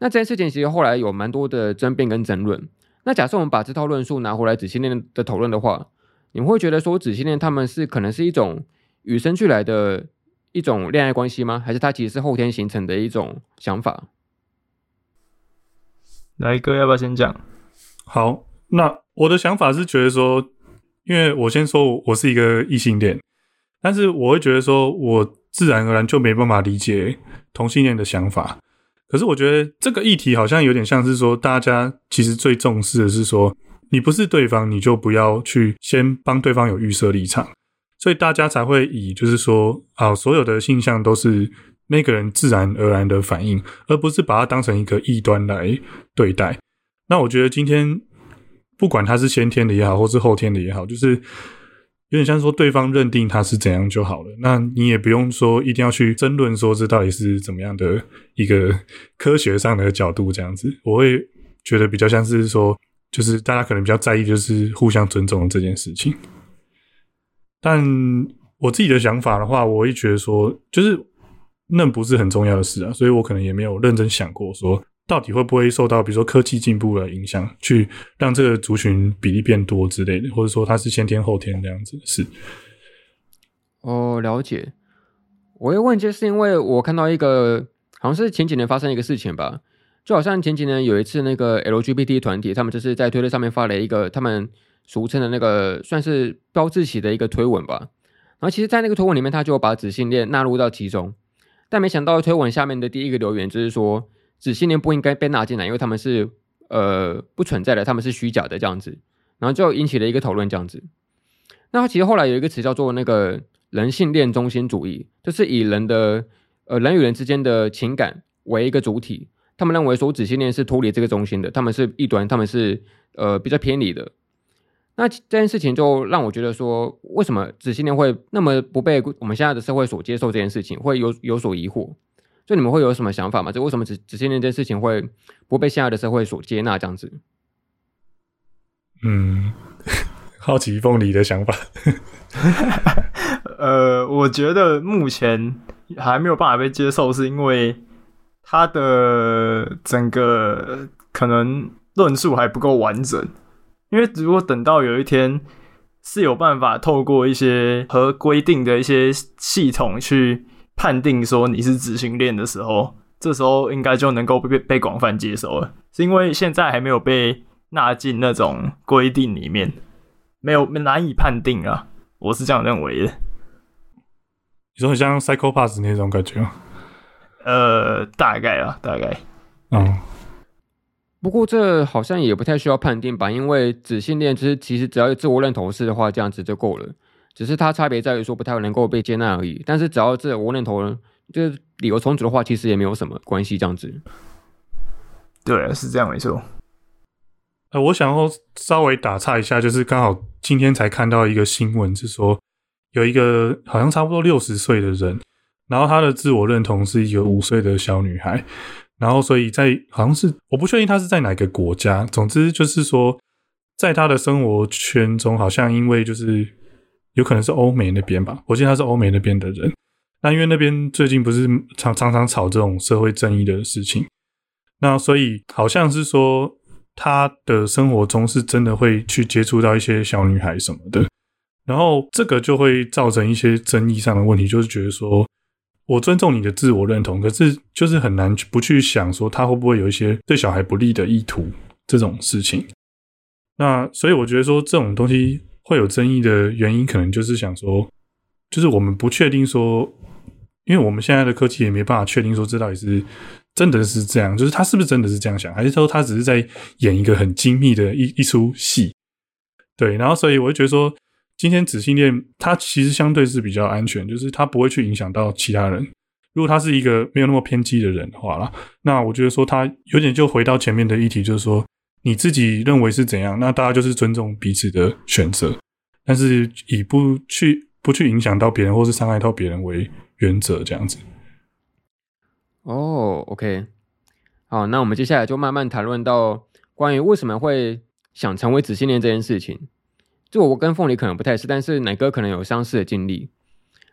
那這件事情其實後來有蠻多的爭辯跟爭論。那假設我們把這套論述拿回來，紙性戀的討論的話，你們會覺得說，紙性戀他們是可能是一種與生俱來的一種戀愛關係嗎？還是他其實是後天形成的一種想法？來哥要不要先講？好，那我的想法是覺得說，因為我先說我是一個異性戀，但是我會覺得說我。自然而然就沒辦法理解同性戀的想法，可是我覺得這個議題好像有點像是說，大家其實最重視的是說，你不是對方，你就不要去先幫對方有預設立場，所以大家才會以就是說，啊，所有的性向都是那個人自然而然的反應，而不是把它當成一個異端來對待。那我覺得今天不管他是先天的也好，或是後天的也好，就是。有點像說對方認定他是怎樣就好了，那你也不用說一定要去爭論說這到底是怎麼樣的一個科學上的角度這樣子，我會覺得比較像是說，就是大家可能比較在意就是互相尊重的這件事情。但我自己的想法的話，我會覺得說，就是那不是很重要的事啊，所以我可能也沒有認真想過說。到底會不會受到比如說科技進步的影響，去讓這個族群比例變多之類的，或者說它是先天後天那樣子的事？是哦，了解。我又問，就是因為我看到一個，好像是前幾年發生一個事情吧，就好像前幾年有一次那個 LGBT 團體，他們就是在推特上面發了一個他們俗稱的那個算是標誌性的一個推文吧。然後其實，在那個推文裡面，他就把紙性戀納入到其中，但沒想到推文下面的第一個留言就是說。紙性戀不應該被納進來，因為他們是呃不存在的，他們是虛假的這樣子，然後就引起了一個討論這樣子。那其實後來有一個詞叫做那個人性戀中心主義，就是以人的呃人與人之間的情感為一個主體，他們認為說紙性戀是脫離這個中心的，他們是異端，他們是呃比較偏離的。那這件事情就讓我覺得說，為什麼紙性戀會那麼不被我們現在的社會所接受，這件事情會有有所疑惑。就你們會有什麼想法嗎？就為什麼紙性戀一件事情會不會被現在的社會所接納這樣子？嗯，好奇鳳梨的想法。 呃，我覺得目前還沒有辦法被接受，是因為它的整個可能論述還不夠完整。因為如果等到有一天是有辦法透過一些和規定的一些系統去。判定說你是紙性戀的時候，這時候應該就能夠被被廣泛接受了，是因為現在還沒有被納進那種規定裡面，沒有難以判定啊，我是這樣認為的。你說很像 psychopath 那種感覺嗎？呃，大概啊，大概。嗯。不過這好像也不太需要判定吧，因為紙性戀就是其實只要有自我認同是的話，這樣子就夠了。只是它差別在於說不太能夠被接納而已，但是只要自我認同，就是理由充足的話，其實也沒有什麼關係這樣子。對，是這樣沒錯。呃，我想要稍微打岔一下，就是剛好今天才看到一個新聞，是說有一個好像差不多六十歲的人，然後他的自我認同是一個五歲的小女孩，然後所以在好像是我不確定他是在哪個國家，總之就是說在他的生活圈中，好像因為就是。有可能是歐美那邊吧，我記得他是歐美那邊的人。那因為那邊最近不是常常常吵這種社會正義的事情，那所以好像是說他的生活中是真的會去接觸到一些小女孩什麼的，然後這個就會造成一些爭議上的問題，就是覺得說我尊重你的自我認同，可是就是很難不去想說他會不會有一些對小孩不利的意圖這種事情。那所以我覺得說這種東西。會有爭議的原因，可能就是想說，就是我們不確定說，因為我們現在的科技也沒辦法確定說這到底是真的是這樣，就是他是不是真的是這樣想，還是說他只是在演一個很精密的一一齣戲？對，然後所以我就覺得說，今天紙性戀他其實相對是比較安全，就是他不會去影響到其他人。如果他是一個沒有那麼偏激的人的話啦，那我覺得說他有點就回到前面的議題，就是說。你自己認為是怎樣？那大家就是尊重彼此的選擇，但是以不去不去影響到別人或是傷害到別人為原則，這樣子。哦、oh,，OK，好，那我們接下來就慢慢談論到關於為什麼會想成為紙性戀這件事情。就我跟鳳梨可能不太是，但是奶哥可能有相似的經歷。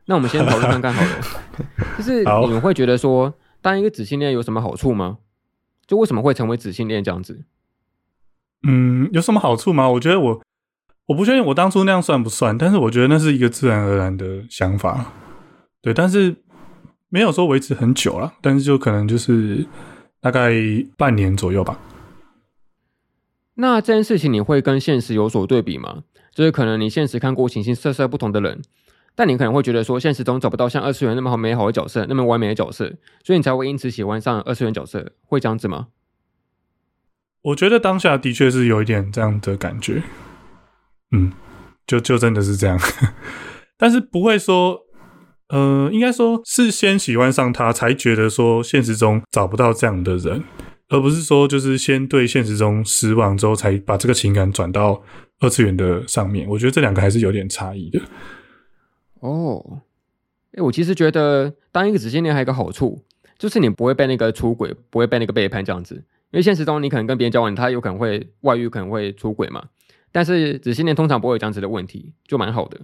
那我們先討論看看好了，就 是你們會覺得說當一個紙性戀有什麼好處嗎？就為什麼會成為紙性戀這樣子？嗯，有什麼好處嗎？我覺得我我不確定我當初那樣算不算，但是我覺得那是一個自然而然的想法，對，但是沒有說維持很久啦，但是就可能就是大概半年左右吧。那這件事情你會跟現實有所對比嗎？就是可能你現實看過形形色色不同的人，但你可能會覺得說現實中找不到像二次元那麼好美好的角色，那麼完美的角色，所以你才會因此喜歡上二次元角色，會這樣子嗎？我覺得當下的確是有一點這樣的感覺，嗯，就就真的是這樣， 但是不會說，嗯、呃，應該說是先喜歡上他，才覺得說現實中找不到這樣的人，而不是說就是先對現實中失望之後，才把這個情感轉到二次元的上面。我覺得這兩個還是有點差異的。哦，哎、欸，我其實覺得當一個紙性戀還有一個好處，就是你不會被那個出軌，不會被那個背叛這樣子。因為現實中你可能跟別人交往，他有可能會外遇，可能會出軌嘛。但是紙性戀通常不會有這樣子的問題，就蠻好的。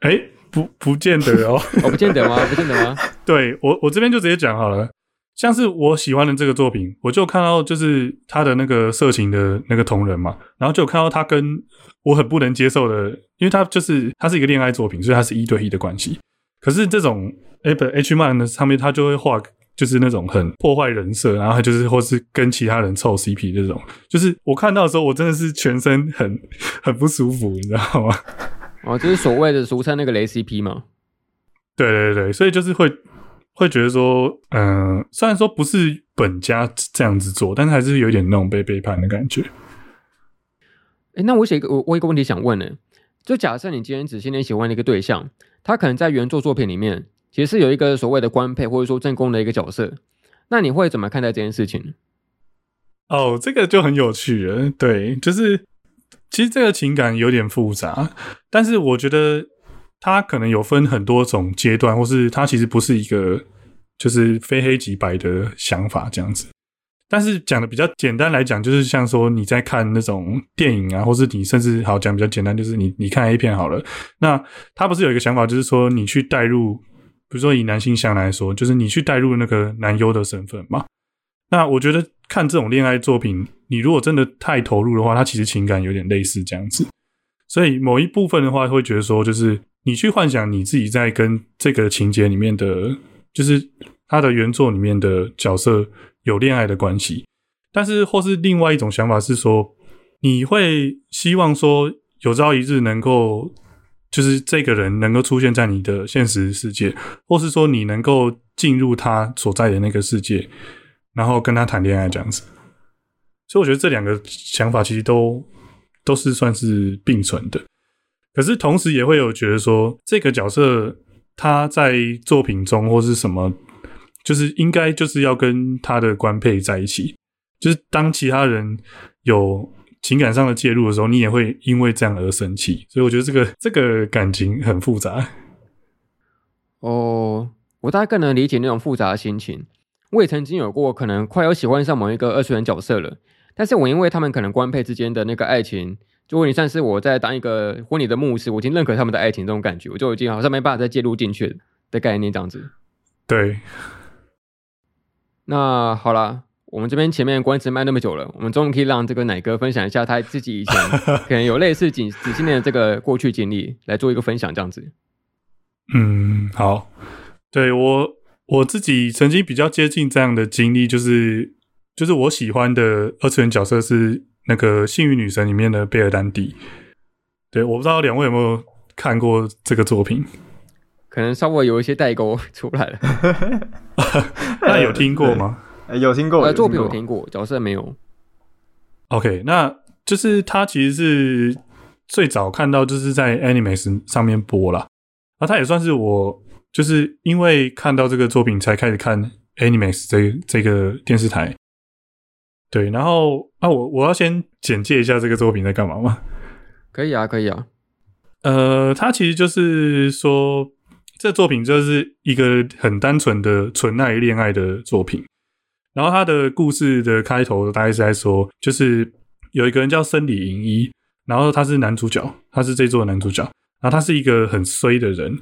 誒、欸、不，不見得哦。我、 哦、不見得嗎？不見得嗎？ 對我，我這邊就直接講好了。像是我喜歡的這個作品，我就看到就是他的那個色情的那個同人嘛，然後就看到他跟我很不能接受的，因為他就是他是一個戀愛作品，所以他是一對一的關係。可是這種哎不 H 漫的上面他就會畫。就是那種很破壞人設，然後他就是或是跟其他人湊 CP 這種，就是我看到的時候，我真的是全身很很不舒服，你知道嗎？哦，就是所謂的俗稱那個雷 CP 嘛。 對對對，所以就是會會覺得說，嗯、呃，雖然說不是本家這樣子做，但是還是有點那種被背，背叛的感覺。哎、欸，那我寫一個我我一個問題想問呢、欸，就假設你今天只是你喜歡的一個對象，他可能在原作作品裡面。其實是有一個所謂的官配，或者說正宮的一個角色，那你會怎麼看待這件事情？哦，oh, 這個就很有趣了。對，就是其實這個情感有點複雜，但是我覺得它可能有分很多種階段，或是它其實不是一個就是非黑即白的想法這樣子。但是講的比較簡單來講，就是像說你在看那種電影啊，或是你甚至好講比較簡單，就是你你看 A 片好了，那他不是有一個想法，就是說你去代入。比如說，以男性向來說，就是你去代入那個男優的身份嘛。那我覺得看這種戀愛作品，你如果真的太投入的話，它其實情感有點類似這樣子。所以某一部分的話，會覺得說，就是你去幻想你自己在跟這個情節裡面的，就是他的原作裡面的角色有戀愛的關係。但是，或是另外一種想法是說，你會希望說，有朝一日能夠。就是這個人能夠出現在你的現實世界，或是說你能夠進入他所在的那個世界，然後跟他談戀愛這樣子。所以我覺得這兩個想法其實都都是算是並存的。可是同時也會有覺得說，這個角色他在作品中或是什麼，就是應該就是要跟他的官配在一起。就是當其他人有。情感上的介入的時候，你也會因為這樣而生氣，所以我覺得這個這個感情很複雜。哦，oh, 我大概更能理解那種複雜的心情。我也曾經有過可能快要喜歡上某一個二次元角色了，但是我因為他們可能官配之間的那個愛情，如果你算是我在當一個婚禮的牧師，我已經認可他們的愛情這種感覺，我就已經好像沒辦法再介入進去的概念這樣子。對，那好啦。我們這邊前面關子賣那麼久了，我們終於可以讓這個奶哥分享一下他自己以前可能有類似緊 幾幾十年的這個過去經歷，來做一個分享這樣子。嗯，好，對，我我自己曾經比較接近這樣的經歷，就是就是我喜歡的二次元角色是那個幸運女神裡面的貝爾丹迪。對，我不知道兩位有沒有看過這個作品，可能稍微有一些代溝出來了。那 有聽過嗎？ 欸、有聽過，呃，作品有聽過，角色沒有。OK，那就是他其實是最早看到，就是在 Animax 上面播了。啊，他也算是我就是因為看到這個作品才開始看 Animax 這這個電視台。對，然後啊，我我要先簡介一下這個作品在幹嘛嗎？可以啊，可以啊。呃，他其實就是說，這個、作品就是一個很單純的純愛戀愛的作品。然後他的故事的開頭大概是在說，就是有一個人叫森里螢一，然後他是男主角，他是這座男主角，然後他是一個很衰的人，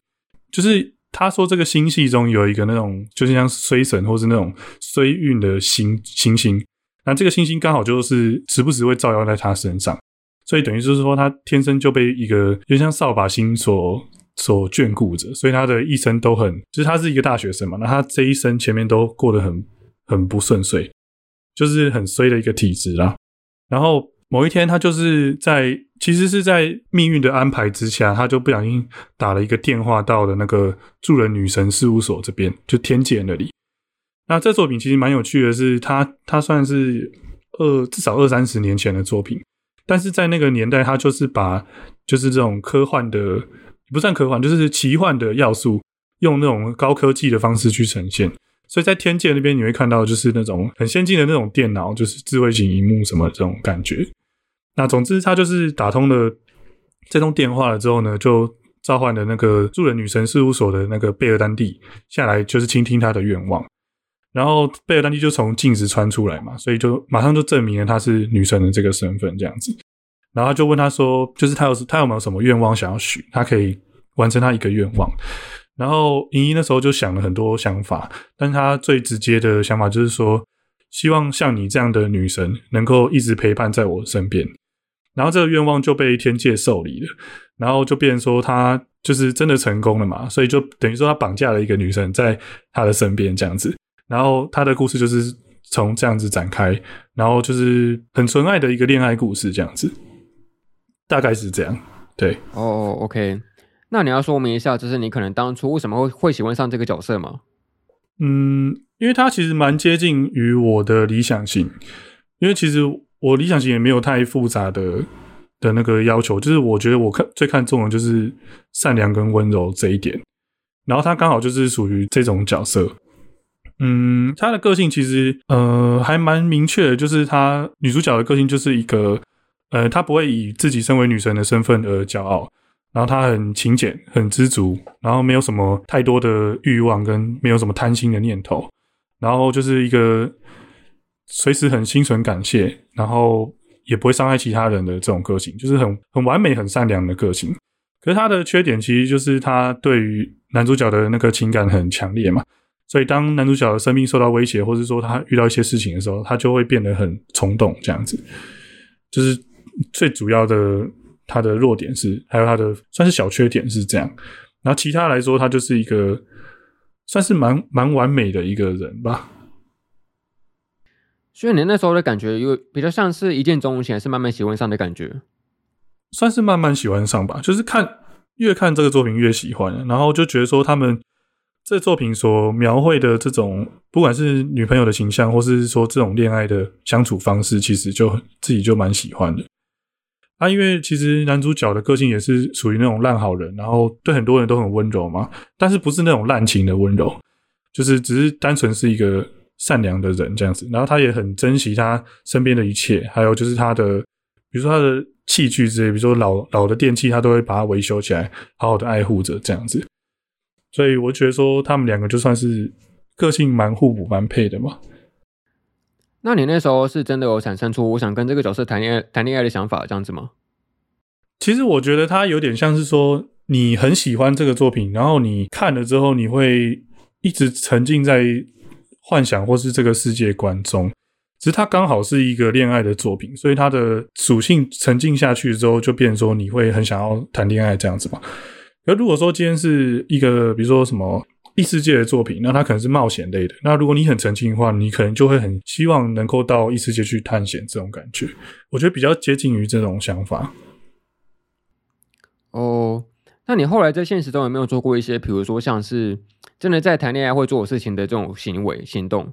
就是他說這個星系中有一個那種就是像衰神或是那種衰運的星星星，那這個星星剛好就是時不時會照耀在他身上，所以等於就是說他天生就被一個就像掃把星所所眷顧着，所以他的一生都很，其實他是一個大學生嘛，那他這一生前面都過得很。很不順遂，就是很衰的一個體質啦。然後某一天，他就是在其實是在命運的安排之下，他就不小心打了一個電話到了那個助人女神事務所這邊，就天界那裡。那這作品其實蠻有趣的是，是它它算是二至少二三十年前的作品，但是在那個年代，他就是把就是這種科幻的不算科幻，就是奇幻的要素，用那種高科技的方式去呈現。所以在天界那邊，你會看到就是那種很先進的那種電腦，就是智慧型熒幕什麼這種感覺。那總之，他就是打通了這通電話了之後呢，就召喚了那個助人女神事務所的那個貝爾丹蒂下來，就是傾聽他的願望。然後貝爾丹蒂就從鏡子穿出來嘛，所以就馬上就證明了他是女神的這個身份這樣子。然後他就問他說，就是他有他有沒有什麼願望想要許，他可以完成他一個願望。然後瑩瑩那時候就想了很多想法，但她最直接的想法就是說，希望像你這樣的女神能夠一直陪伴在我身邊。然後這個願望就被天界受理了，然後就變成說她就是真的成功了嘛，所以就等於說她綁架了一個女生在她的身邊這樣子。然後她的故事就是從這樣子展開，然後就是很純愛的一個戀愛故事這樣子，大概是這樣。對，哦哦，OK。那你要說明一下，就是你可能當初為什麼會會喜歡上這個角色嗎？嗯，因為他其實蠻接近於我的理想型，因為其實我理想型也沒有太複雜的的那個要求，就是我覺得我看最看重的就是善良跟溫柔這一點，然後他剛好就是屬於這種角色。嗯，他的個性其實呃還蠻明確的，就是他女主角的個性就是一個呃，她不會以自己身為女神的身份而驕傲。然後他很勤儉，很知足，然後沒有什麼太多的慾望，跟沒有什麼貪心的念頭，然後就是一個隨時很心存感謝，然後也不會傷害其他人的這種個性，就是很很完美、很善良的個性。可是他的缺點其實就是他對於男主角的那個情感很強烈嘛，所以當男主角的生命受到威脅，或是說他遇到一些事情的時候，他就會變得很衝動，這樣子，就是最主要的。他的弱點是，還有他的算是小缺點是這樣，然後其他來說，他就是一個算是蠻蠻完美的一個人吧。所以你那時候的感覺，有比較像是一見鍾情，還是慢慢喜歡上的感覺？算是慢慢喜歡上吧，就是看，越看這個作品越喜歡，然後就覺得說他們這作品所描繪的這種，不管是女朋友的形象，或是說這種戀愛的相處方式，其實就，自己就蠻喜歡的。啊，因為其實男主角的個性也是屬於那種爛好人，然後對很多人都很溫柔嘛，但是不是那種濫情的溫柔，就是只是單純是一個善良的人這樣子。然後他也很珍惜他身邊的一切，還有就是他的，比如說他的器具之類，比如說老老的電器，他都會把它維修起來，好好的愛護着這樣子。所以我覺得說他們兩個就算是個性蠻互補、蠻配的嘛。那你那時候是真的有產生出我想跟這個角色談戀愛談戀愛的想法這樣子嗎？其實我覺得他有點像是說，你很喜歡這個作品，然後你看了之後，你會一直沉浸在幻想或是這個世界觀中。只是它剛好是一個戀愛的作品，所以它的屬性沉浸下去之後，就變成說你會很想要談戀愛這樣子嘛。而如果說今天是一個，比如說什麼？異世界的作品，那它可能是冒險類的。那如果你很沉浸的話，你可能就會很希望能夠到異世界去探險，這種感覺，我覺得比較接近於這種想法。哦，那你後來在現實中有沒有做過一些，比如說像是真的在談戀愛會做事情的這種行為行動？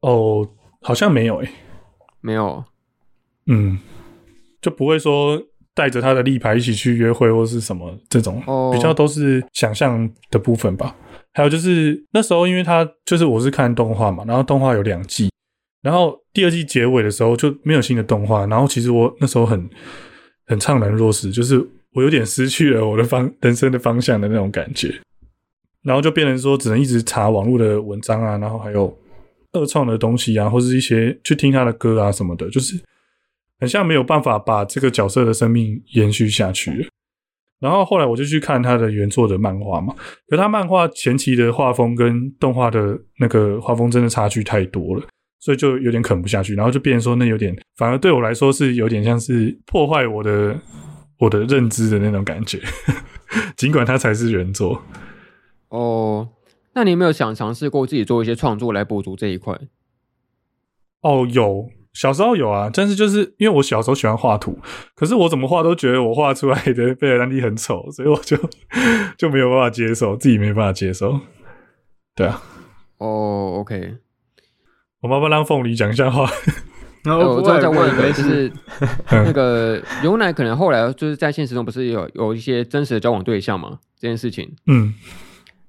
哦，好像沒有誒、欸，沒有，嗯，就不會說。帶着他的立牌一起去約會，或是什麼這種，比較都是想象的部分吧。Oh. 還有就是那時候，因為他就是我是看動畫嘛，然後動畫有兩季，然後第二季結尾的時候就沒有新的動畫。然後其實我那時候很很悵然若失，就是我有點失去了我的方人生的方向的那種感覺。然後就變成說，只能一直查網絡的文章啊，然後還有二創的東西啊，或是一些去聽他的歌啊什麼的，就是。好像沒有辦法把這個角色的生命延續下去，然後後來我就去看他的原作的漫畫嘛，可他漫畫前期的畫風跟動畫的那個畫風真的差距太多了，所以就有點啃不下去，然後就變成說那有點反而對我來說是有點像是破壞我的我的認知的那種感覺， 儘管他才是原作。哦，oh, 那你有沒有想嘗試過自己做一些創作來補足這一塊？哦，有。小時候有啊，但是就是因為我小時候喜歡畫圖，可是我怎麼畫都覺得我畫出來的貝爾丹蒂很醜，所以我就就沒有辦法接受，自己沒辦法接受。對啊，哦、oh,，OK，我麻煩讓鳳梨講一下話。然 後、啊、我,我再問，就是沒事 那個有奶可能後來就是在現實中不是有有一些真實的交往對象嘛？這件事情，嗯，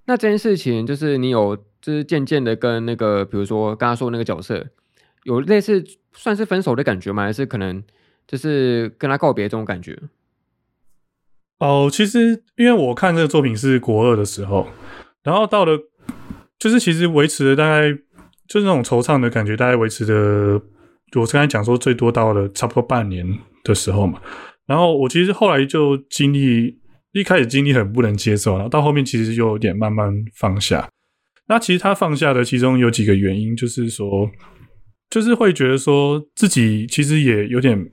那這件事情就是你有就是漸漸的跟那個比如說剛剛說那個角色。有類似算是分手的感覺嗎？還是可能就是跟他告別這種感覺？哦、呃，其實因為我看這個作品是國二的時候，然後到了就是其實維持了大概就是那種惆悵的感覺，大概維持的，我是剛才講說最多到了差不多半年的時候嘛。然後我其實後來就經歷，一開始經歷很不能接受，然後到後面其實就有點慢慢放下。那其實他放下的其中有幾個原因，就是說。就是會覺得說自己其實也有點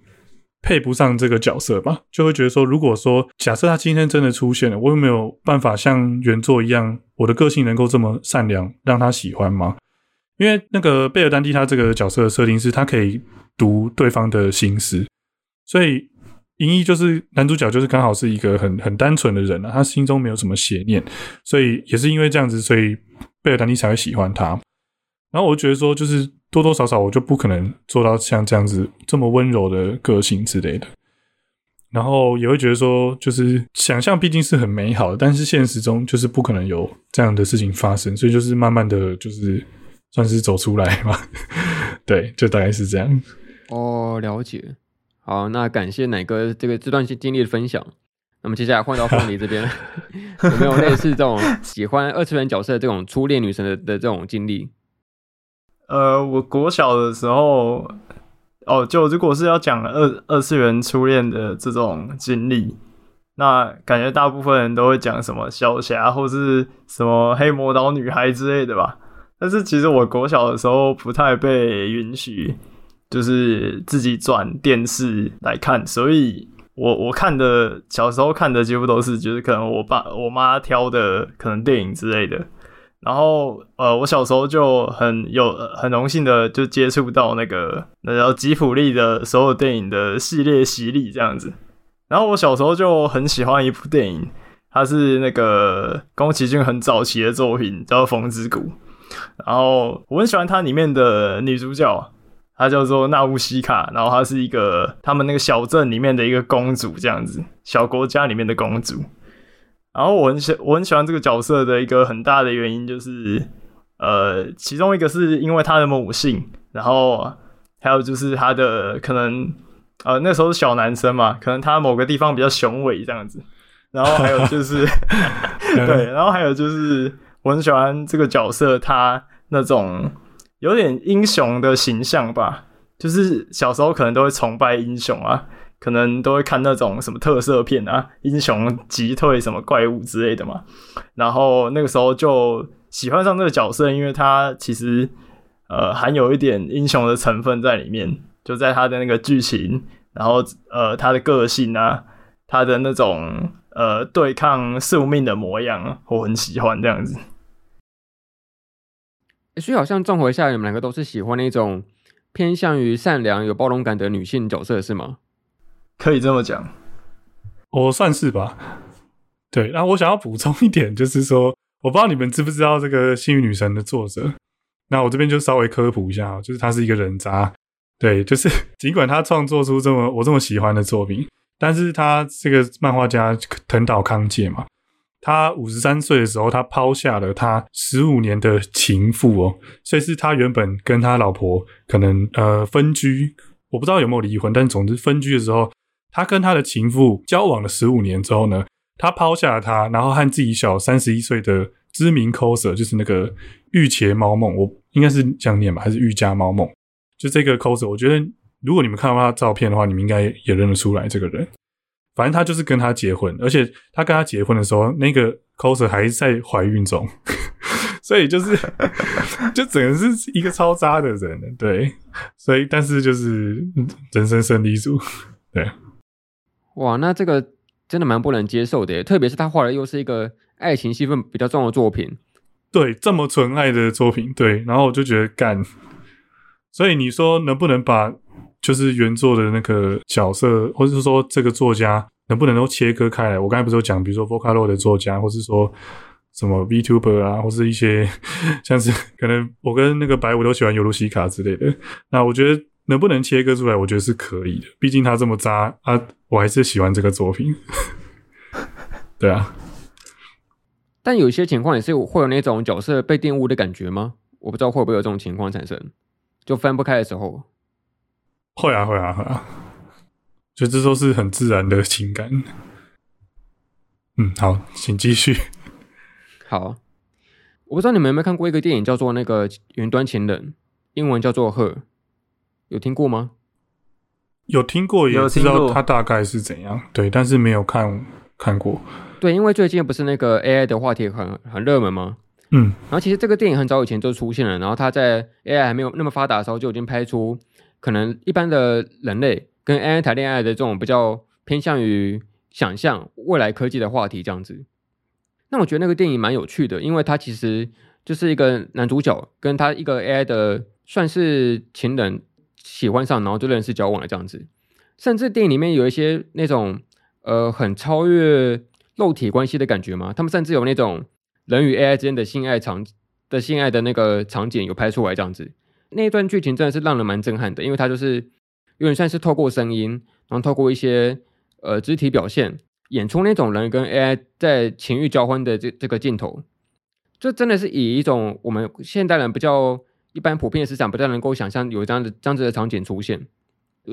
配不上這個角色吧，就會覺得說，如果說假設他今天真的出現了，我有沒有辦法像原作一樣，我的個性能夠這麼善良，讓他喜歡嗎？因為那個貝爾丹蒂他這個角色的設定是他可以讀對方的心思，所以螢一就是男主角，就是剛好是一個很很單純的人啊，他心中沒有什麼邪念，所以也是因為這樣子，所以貝爾丹蒂才會喜歡他。然後我覺得說，就是。多多少少我就不可能做到像這樣子這麼溫柔的個性之類的，然後也會覺得說，就是想象畢竟是很美好的，但是現實中就是不可能有這樣的事情發生，所以就是慢慢的就是算是走出來嘛， 對，就大概是這樣。哦，了解。好，那感謝奶哥這個這段經歷的分享。那麼接下來換到鳳梨這邊， 有沒有類似這種喜歡二次元角色的這種初戀女神的的這種經歷？呃，我國小的時候，哦，就如果是要講二二次元初戀的這種經歷，那感覺大部分人都會講什麼小霞或是什麼黑魔導女孩之類的吧。但是其實我國小的時候不太被允許，就是自己轉電視來看，所以我我看的小時候看的幾乎都是，就是可能我爸我媽挑的可能電影之類的。然後，呃，我小時候就很有、呃、很榮幸的就接觸到那個，那叫吉卜力的所有電影的系列洗禮這樣子。然後我小時候就很喜歡一部電影，它是那個宮崎駿很早期的作品，叫《風之谷》。然後我很喜歡它裡面的女主角，她叫做娜烏西卡。然後她是一個他們那個小鎮裡面的一個公主這樣子，小國家裡面的公主。然後我很喜我很喜歡這個角色的一個很大的原因就是，呃，其中一個是因為他的母性，然後還有就是他的可能，呃，那時候是小男生嘛，可能他某個地方比較雄偉這樣子，然後還有就是， 對，然後還有就是我很喜歡這個角色他那種有點英雄的形象吧，就是小時候可能都會崇拜英雄啊。可能都會看那種什麼特攝片啊，英雄擊退什麼怪物之類的嘛。然後那個時候就喜歡上那個角色，因為他其實呃含有一點英雄的成分在裡面，就在他的那個劇情，然後呃他的個性啊，他的那種呃對抗宿命的模樣，我很喜歡這樣子。所以好像綜合下你們兩個都是喜歡那種偏向於善良、有包容感的女性角色，是嗎？可以這麼講，我算是吧。對，那我想要補充一點，就是說，我不知道你們知不知道這個《幸運女神》的作者。那我這邊就稍微科普一下，就是他是一個人渣。對，就是儘管他創作出這麼我這麼喜歡的作品，但是他這個漫畫家藤島康介嘛，他五十三歲的時候，他拋下了他十五年的情婦哦，所以是他原本跟他老婆可能呃分居，我不知道有沒有離婚，但總之分居的時候。他跟他的情婦交往了十五年之後呢，他拋下了他，然後和自己小三十一歲的知名 coser，就是那個御伽貓夢，我應該是這樣念吧，還是御家貓夢？就這個 coser，我覺得如果你們看到他的照片的話，你們應該也認得出來這個人。反正他就是跟他結婚，而且他跟他結婚的時候，那個 coser 還在懷孕中， 所以就是 就整個是一個超渣的人，對，所以但是就是人生勝利組，對。哇，那這個真的蠻不能接受的耶，特別是他畫的又是一個愛情戲份比較重的作品。對，這麼純愛的作品，對，然後我就覺得幹。所以你說能不能把就是原作的那個角色，或者說這個作家，能不能都切割開來？我剛才不是有講，比如說 Vocalo 的作家，或是說什麼 VTuber 啊，或是一些像是可能我跟那個白五都喜歡尤露西卡之類的，那我覺得。能不能切割出來？我覺得是可以的。畢竟他這麼渣啊，我還是喜歡這個作品。 對啊，但有些情況也是會有那種角色被玷污的感覺嗎？我不知道會不會有這種情況產生，就分不開的時候，會啊會啊會啊，就這都是很自然的情感。嗯，好，請繼續。好，我不知道你們有沒有看過一個電影叫做那個《雲端情人》，英文叫做《Her》。有聽過嗎？有聽過，也不知道他大概是怎樣。對，但是沒有看看過。對，因為最近不是那個 AI 的話題很很熱門嗎？嗯，然後其實這個電影很早以前就出現了，然後他在 AI 還沒有那麼發達的時候就已經拍出，可能一般的人類跟 AI 談戀愛的這種比較偏向於想象未來科技的話題這樣子。那我覺得那個電影蠻有趣的，因為它其實就是一個男主角跟他一個 AI 的算是情人。喜歡上，然後就認識、交往了這樣子。甚至電影裡面有一些那種呃很超越肉體關係的感覺嘛。他們甚至有那種人與 AI 之間的性愛場的性愛的那個場景有拍出來這樣子。那一段劇情真的是讓人蠻震撼的，因為它就是有點像是透過聲音，然後透過一些呃肢體表現演出那種人跟 AI 在情欲交換的這這個鏡頭。這真的是以一種我們現代人比較，一般普遍的思想不太能夠想象有這樣的這樣子的場景出現，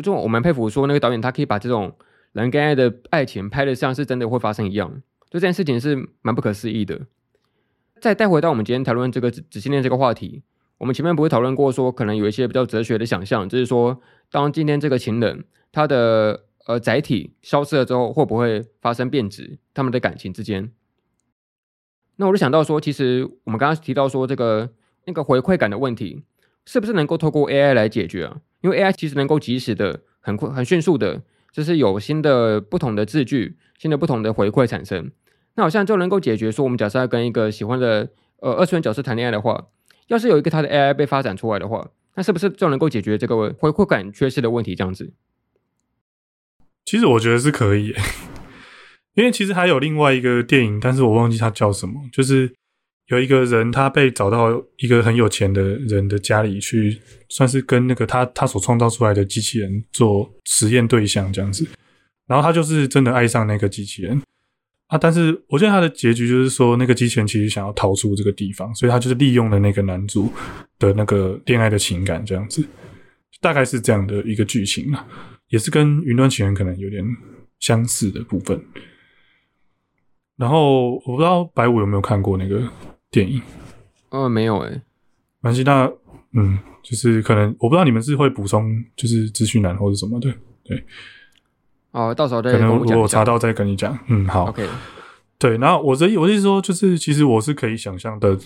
就我蠻佩服說那個導演他可以把這種人跟愛的愛情拍得像是真的會發生一樣，就這件事情是蠻不可思議的。再帶回到我們今天討論這個紙紙性戀這個話題，我們前面不是討論過說可能有一些比較哲學的想象，就是說當今天這個情人他的呃載體消失了之後，會不會發生變質？他們的感情之間。那我就想到說，其實我們剛剛提到說這個。那個回饋感的問題，是不是能夠透過 AI 來解決啊？因為 AI 其實能夠即時的、很快、很迅速的，就是有新的、不同的字句、新的不同的回饋產生。那好像就能夠解決說，我們假設要跟一個喜歡的呃二次元角色談戀愛的話，要是有一個他的 AI 被發展出來的話，那是不是就能夠解決這個回饋感缺失的問題？這樣子，其實我覺得是可以，因為其實還有另外一個電影，但是我忘記它叫什麼，就是。有一個人，他被找到一個很有錢的人的家裡去，算是跟那個他他所創造出來的機器人做實驗對象這樣子，然後他就是真的愛上那個機器人，啊，但是我覺得他的結局就是說，那個機器人其實想要逃出這個地方，所以他就是利用了那個男主的那個戀愛的情感這樣子，大概是這樣的一個劇情了，也是跟《雲端情人》可能有點相似的部分，然後我不知道白五有沒有看過那個。電影，嗯、呃，沒有哎、欸，反正那，嗯，就是可能我不知道你們是會補充，就是資訊欄或者什麼的，對，哦，到時候再可能我查到再跟你講，嗯，好，OK，對，然後我這我意思是說，就是其實我是可以想象的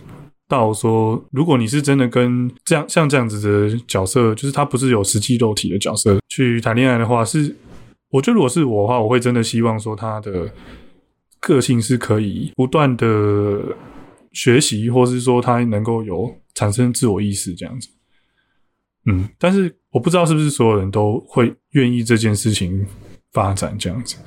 到說，說如果你是真的跟這樣像這樣子的角色，就是他不是有實際肉體的角色去談戀愛的話，是，我覺得如果是我的話，我會真的希望說他的個性是可以不斷的。學習，或是說他能夠有產生自我意識這樣子，嗯，但是我不知道是不是所有人都會願意這件事情發展這樣子。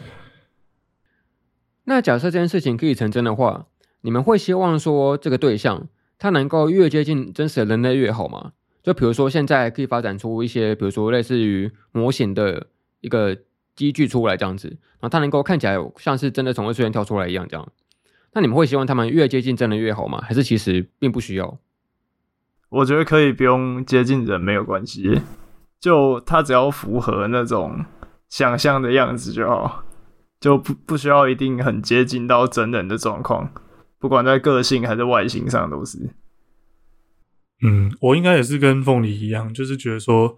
那假設這件事情可以成真的話，你們會希望說，這個對象它能夠越接近真實的人類越好嗎？就比如說現在可以發展出一些，比如說類似於模型的一個機具出來這樣子，然後它能夠看起來像是真的從二次元跳出來一樣這樣。那你們會希望他們越接近真人越好嗎？還是其實並不需要？我覺得可以不用接近人沒有關係，就他只要符合那種想象的樣子就好，就不不需要一定很接近到真人的狀況，不管在個性還是外形上都是。嗯，我應該也是跟鳳梨一樣，就是覺得說，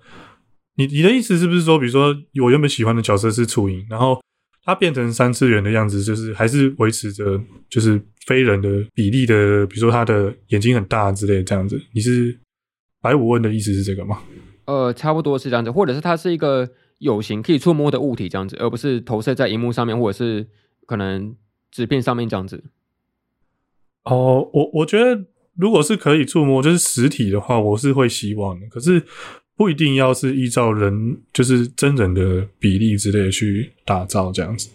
你你的意思是不是說，比如說我原本喜歡的角色是初音，然後。它變成三次元的樣子，就是還是維持着就是非人的比例的，比如說他的眼睛很大之類的這樣子。你是白武問的意思是這個嗎？呃，差不多是這樣子，或者是它是一個有形可以觸摸的物體這樣子，而不是投射在螢幕上面，或者是可能紙片上面這樣子。哦、呃，我我覺得如果是可以觸摸，就是實體的話，我是會希望的。可是。不一定要是依照人，就是真人的比例之類去打造這樣子。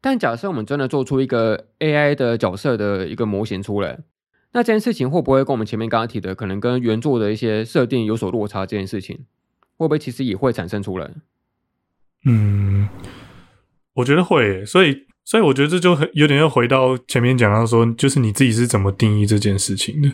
但假設我們真的做出一個 AI 的角色的一個模型出來，那這件事情會不會跟我們前面剛剛提的，可能跟原作的一些設定有所落差？這件事情會不會其實也會產生出來？嗯，我覺得會。所以，所以我覺得這就很有點要回到前面講到說，就是你自己是怎麼定義這件事情的。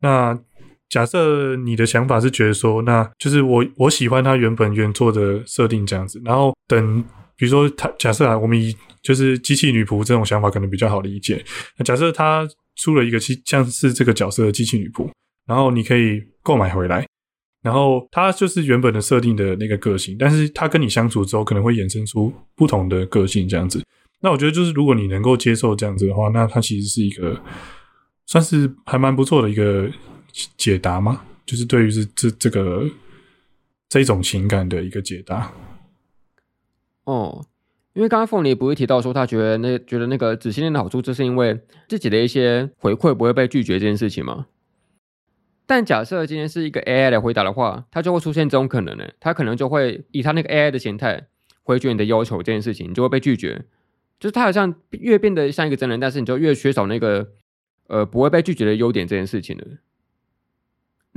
那，假設你的想法是覺得說，那就是我我喜歡他原本原作的設定這樣子，然後等，比如說他假設啊，我們以就是機器女僕這種想法可能比較好理解。那假設他出了一個機像是這個角色的機器女僕，然後你可以購買回來，然後他就是原本的設定的那個個性，但是他跟你相處之後可能會衍生出不同的個性這樣子。那我覺得就是如果你能夠接受這樣子的話，那他其實是一個算是還蠻不錯的一個解答嗎？就是對於是這這，這個這種情感的一個解答。哦，因為剛剛鳳梨不是提到說他覺得那覺得那個紙性戀的好處，就是因為自己的一些回饋不會被拒絕的這件事情嘛。但假設今天是一個 AI 來回答的話，他就會出現這種可能呢？他可能就會以他那個 AI 的形態回絕你的要求這件事情，你就會被拒絕。就是他好像越變得像一個真人，但是你就越缺少那個呃不會被拒絕的優點這件事情了。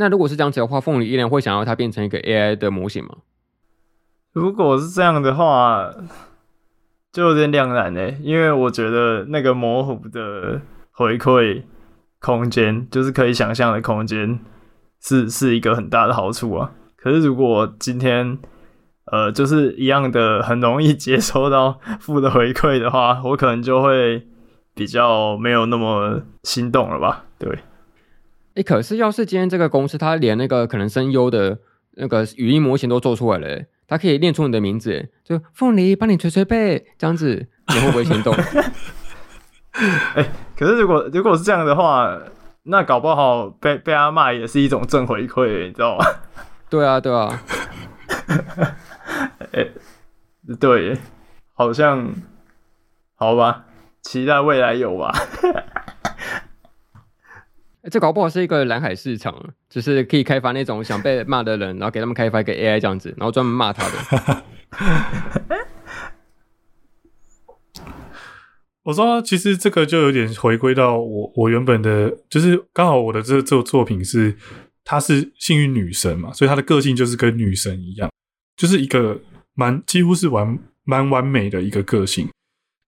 那如果是這樣子的話，鳳梨依然會想要它變成一個 AI 的模型嗎？如果是這樣的話，就有點兩難嘞，因為我覺得那個模糊的回饋空間，就是可以想象的空間，是是一個很大的好處啊。可是如果今天，呃，就是一樣的，很容易接收到負的回饋的話，我可能就會比較沒有那麼心動了吧，對。欸、可是要是今天這個公司，它連那個可能聲優的那個語音模型都做出來了，它可以念出你的名字，就鳳梨幫你捶捶背，這樣子你會不會心動、？ 欸，可是如果如果是這樣的話，那搞不好被被他罵也是一種正回饋，你知道嗎？對啊，對啊、 欸，對啊，哎，對，好像，好吧，期待未來有吧。 欸、這搞不好是一個藍海市場，就是可以開發那種想被罵的人， 然後給他們開發一個 AI 這樣子，然後專門罵他的。 我說，其實這個就有點回歸到我我原本的。就是剛好我的這這作品是，她是幸運女神嘛，所以她的個性就是跟女神一樣，就是一個蠻幾乎是完蠻完美的一個個性。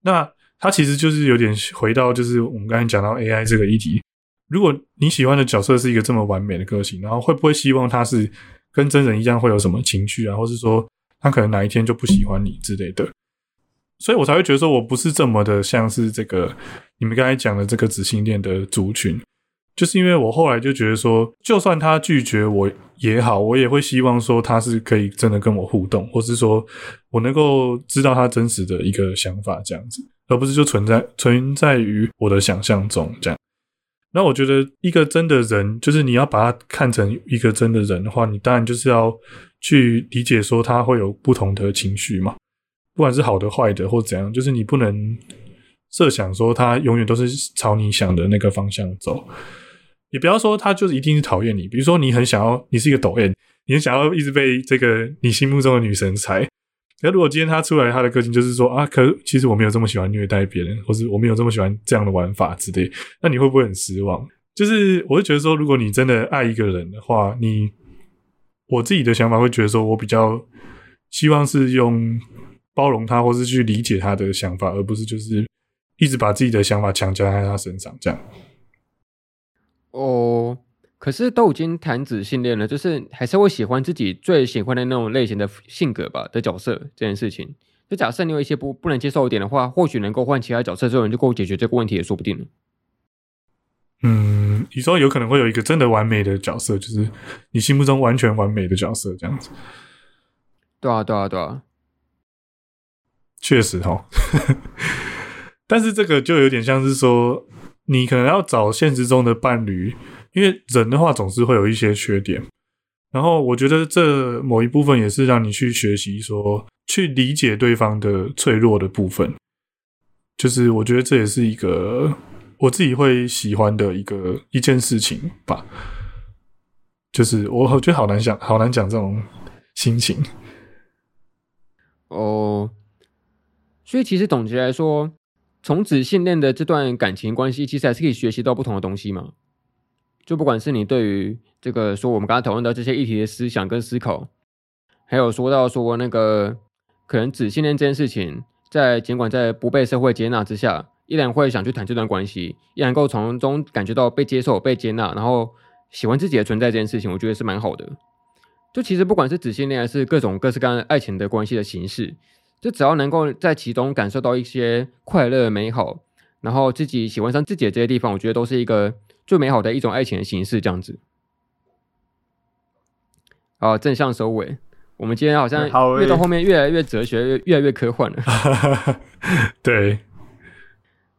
那她其實就是有點回到，就是我們剛才講到 AI 這個議題。如果你喜歡的角色是一個這麼完美的個性，然後會不會希望他是跟真人一樣會有什麼情緒啊？或是說他可能哪一天就不喜歡你之類的？所以我才會覺得說我不是這麼的像是這個你們剛才講的這個紙性戀的族群，就是因為我後來就覺得說，就算他拒絕我也好，我也會希望說他是可以真的跟我互動，或是說我能夠知道他真實的一個想法這樣子，而不是就存在存在於我的想象中這樣。那我覺得一個真的人，就是你要把他看成一個真的人的話，你當然就是要去理解說他會有不同的情緒嘛，不管是好的、壞的或怎樣，就是你不能設想說他永遠都是朝你想的那個方向走。也不要說他就是一定是討厭你，比如說你很想要，你是一個抖 M，你很想要一直被這個你心目中的女神踩。那如果今天他出來，他的個性就是說啊，可其實我沒有這麼喜歡虐待別人，或是我沒有這麼喜歡這樣的玩法之類，那你會不會很失望？就是我會覺得說，如果你真的愛一個人的話，你我自己的想法會覺得說，我比較希望是用包容他，或是去理解他的想法，而不是就是一直把自己的想法強加在他身上這樣。哦。Oh. 可是都已經談紙性戀了，就是還是會喜歡自己最喜歡的那種類型的性格吧的角色這件事情。就假設你有一些不不能接受一點的話，或許能夠換其他角色之後，就能夠解決這個問題也說不定了。嗯，你說有可能會有一個真的完美的角色，就是你心目中完全完美的角色這樣子。對啊，對啊，對啊。確實哈、哦， 但是這個就有點像是說，你可能要找現實中的伴侶。因為人的話總是會有一些缺點，然後我覺得這某一部分也是讓你去學習說，說去理解對方的脆弱的部分，就是我覺得這也是一個我自己會喜歡的一個一件事情吧。就是我我覺得好難講，好難講這種心情。哦，所以其實總結來說，從紙性戀的這段感情關係，其實還是可以學習到不同的東西嘛。就不管是你對於這個說我們剛才討論的這些議題的思想跟思考，還有說到說那個可能紙性戀這件事情，在儘管在不被社會接納之下，依然會想去談這段關係，依然能夠從中感覺到被接受、被接納，然後喜歡自己的存在這件事情，我覺得是蠻好的。就其實不管是紙性戀還是各種各式各樣愛情的關係的形式，就只要能夠在其中感受到一些快樂、美好，然後自己喜歡上自己的這些地方，我覺得都是一個。最美好的一種愛情的形式，這樣子，啊，正向收尾。我們今天好像越到後面，越來越哲學，越越來越科幻了。 對。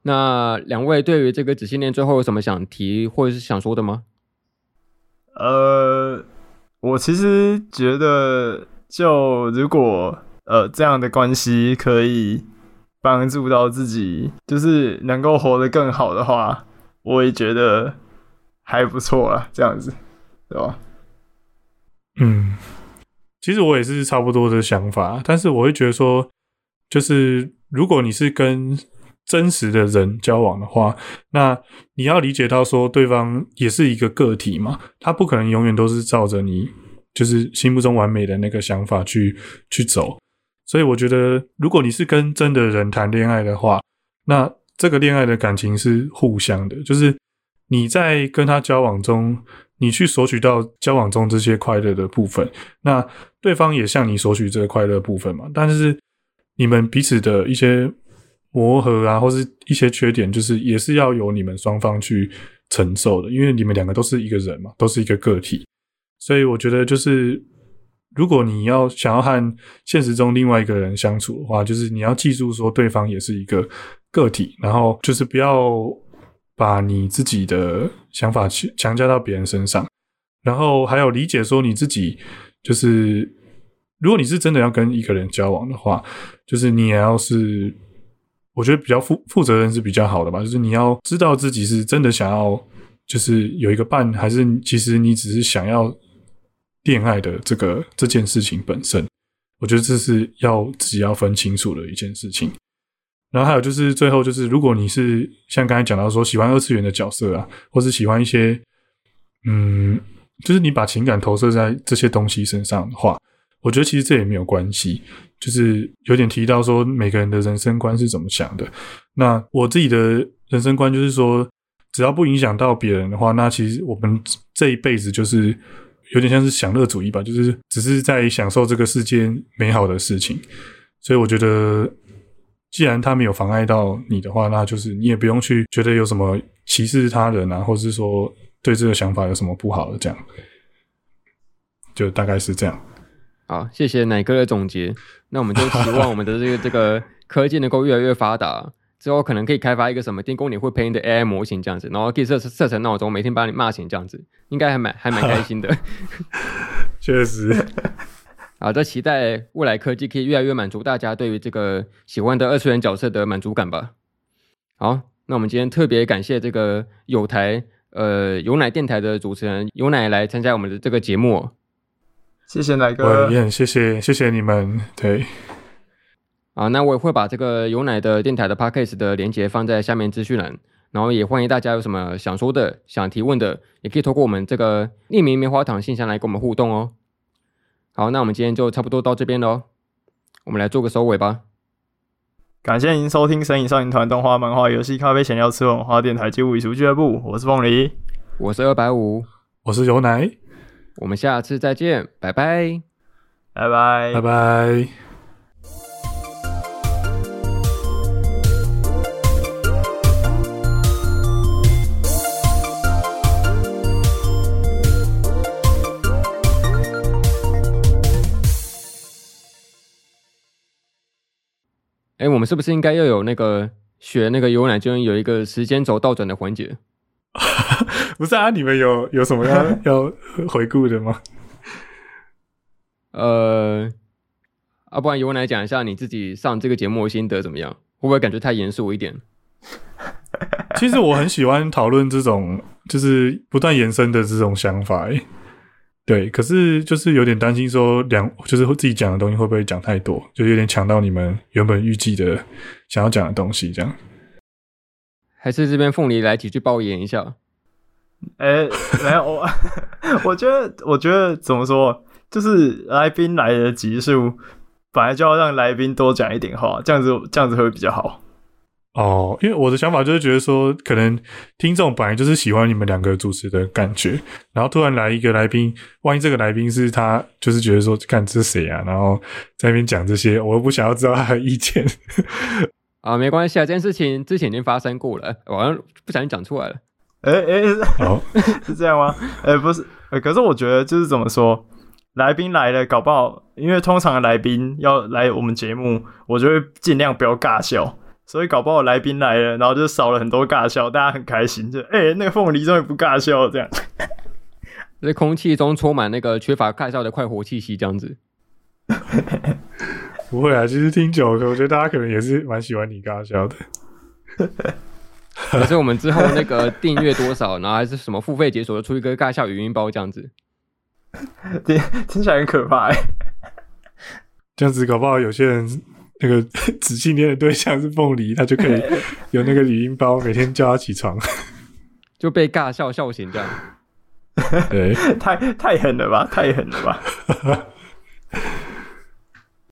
那兩位對於這個紙性戀最後有什麼想提或者是想說的嗎？呃，我其實覺得，就如果呃這樣的關係可以幫助到自己，就是能夠活得更好的話。我也覺得還不錯啊，這樣子，對吧？嗯，其實我也是差不多的想法，但是我會覺得說，就是如果你是跟真實的人交往的話，那你要理解到說，對方也是一個個體嘛，他不可能永遠都是照着你就是心目中完美的那個想法去去走，所以我覺得，如果你是跟真的人談戀愛的話，那。這個戀愛的感情是互相的，就是你在跟他交往中，你去索取到交往中這些快樂的部分，那對方也向你索取這個快樂部分嘛，但是你們彼此的一些磨合啊，或是一些缺點，就是也是要由你們雙方去承受的，因為你們兩個都是一個人嘛，都是一個個體，所以我覺得就是，如果你要想要和現實中另外一個人相處的話，就是你要記住說，對方也是一個。個體，然後就是不要把你自己的想法強加到別人身上，然後還有理解說你自己就是，如果你是真的要跟一個人交往的話，就是你也要是，我覺得比較負負責任是比較好的吧，就是你要知道自己是真的想要，就是有一個伴，還是其實你只是想要戀愛的這個這件事情本身，我覺得這是要自己要分清楚的一件事情。然後還有就是最後就是，如果你是像剛才講到說喜歡二次元的角色啊，或是喜歡一些，嗯，就是你把情感投射在這些東西身上的話，我覺得其實這也沒有關係。就是有點提到說每個人的人生觀是怎麼想的。那我自己的人生觀就是說，只要不影響到別人的話，那其實我們這一輩子就是有點像是享樂主義吧，就是只是在享受這個世界美好的事情。所以我覺得。既然他沒有妨礙到你的話，那就是你也不用去覺得有什麼歧視他人啊，或是說對這個想法有什麼不好的這樣，就大概是這樣。好，謝謝奶哥的總結。那我們就期望我們的這個 這個科技能夠越來越發達，之後可能可以開發一個什麼，電工你會配音的 AI 模型這樣子，然後可以設設成鬧鐘，每天把你罵醒這樣子，應該還蠻還蠻開心的。確 實。 啊，在期待未來科技可以越來越滿足大家對於這個喜歡的二次元角色的滿足感吧。好，那我們今天特別感謝這個有台呃有奶電台的主持人有奶來參加我們的這個節目，謝謝奶哥，也很謝謝謝謝你們。對，啊，那我也會把這個有奶的電台的 Podcast 的鏈接放在下面資訊欄，然後也歡迎大家有什麼想說的、想提問的，也可以透過我們這個匿名棉花糖信箱來跟我們互動哦。好，那我們今天就差不多到這邊嘍。我們來做個收尾吧。感謝您收聽神影《神隱少年團》動畫、漫畫、遊戲、咖啡、閒聊、吃文化電台、金物藝術俱樂部。我是鳳梨，我是二百五，我是有奶。我們下次再見，拜拜，拜拜，拜拜。哎、欸，我們是不是應該要有那個學那個有奶君有一個時間軸倒轉的環節？ 不是啊，你們有有什麼要， 要回顧的嗎？呃，啊，不然由我來講一下你自己上這個節目的心得怎麼樣？會不會感覺太嚴肅一點？ 其實我很喜歡討論這種就是不斷延伸的這種想法對，可是就是有點擔心說兩，就是會自己講的東西會不會講太多，就是、有點搶到你們原本預計的想要講的東西，這樣。還是這邊鳳梨來幾句抱怨一下？哎，來有我，我覺得，我覺得怎麼說，就是來賓來的集數，本來就要讓來賓多講一點話，這樣子，這樣子會，會比較好。哦，oh, 因為我的想法就是覺得說，可能聽眾本來就是喜歡你們兩個主持的感覺，然後突然來一個來賓，萬一這個來賓是他，就是覺得說，看這是誰啊，然後在那邊講這些，我又不想要知道他的意見。 啊，沒關係啊，這件事情之前已經發生過了，我好像不小心講出來了，哎哎、欸，好、欸，是這樣嗎？哎、oh. 欸，不是、欸，可是我覺得就是怎麼說，來賓來了，搞不好，因為通常來賓要來我們節目，我就會盡量不要尬笑。所以搞不好來賓來了，然後就少了很多尬笑，大家很開心。就哎、欸，那個鳳梨終於不尬笑，這樣。那空氣中充滿那個缺乏尬笑的快活氣息，這樣子。不會啊，其實聽久了，我覺得大家可能也是蠻喜歡你尬笑的。可是我們之後那個訂閱多少，然後還是什麼付費解鎖的，出一個尬笑語音包這樣子。聽聽起來很可怕，欸，這樣子搞不好有些人。那個紙性戀的對象是鳳梨，他就可以有那個語音包，每天叫他起床， 就被尬笑笑醒這樣。 太太狠了吧？太狠了吧！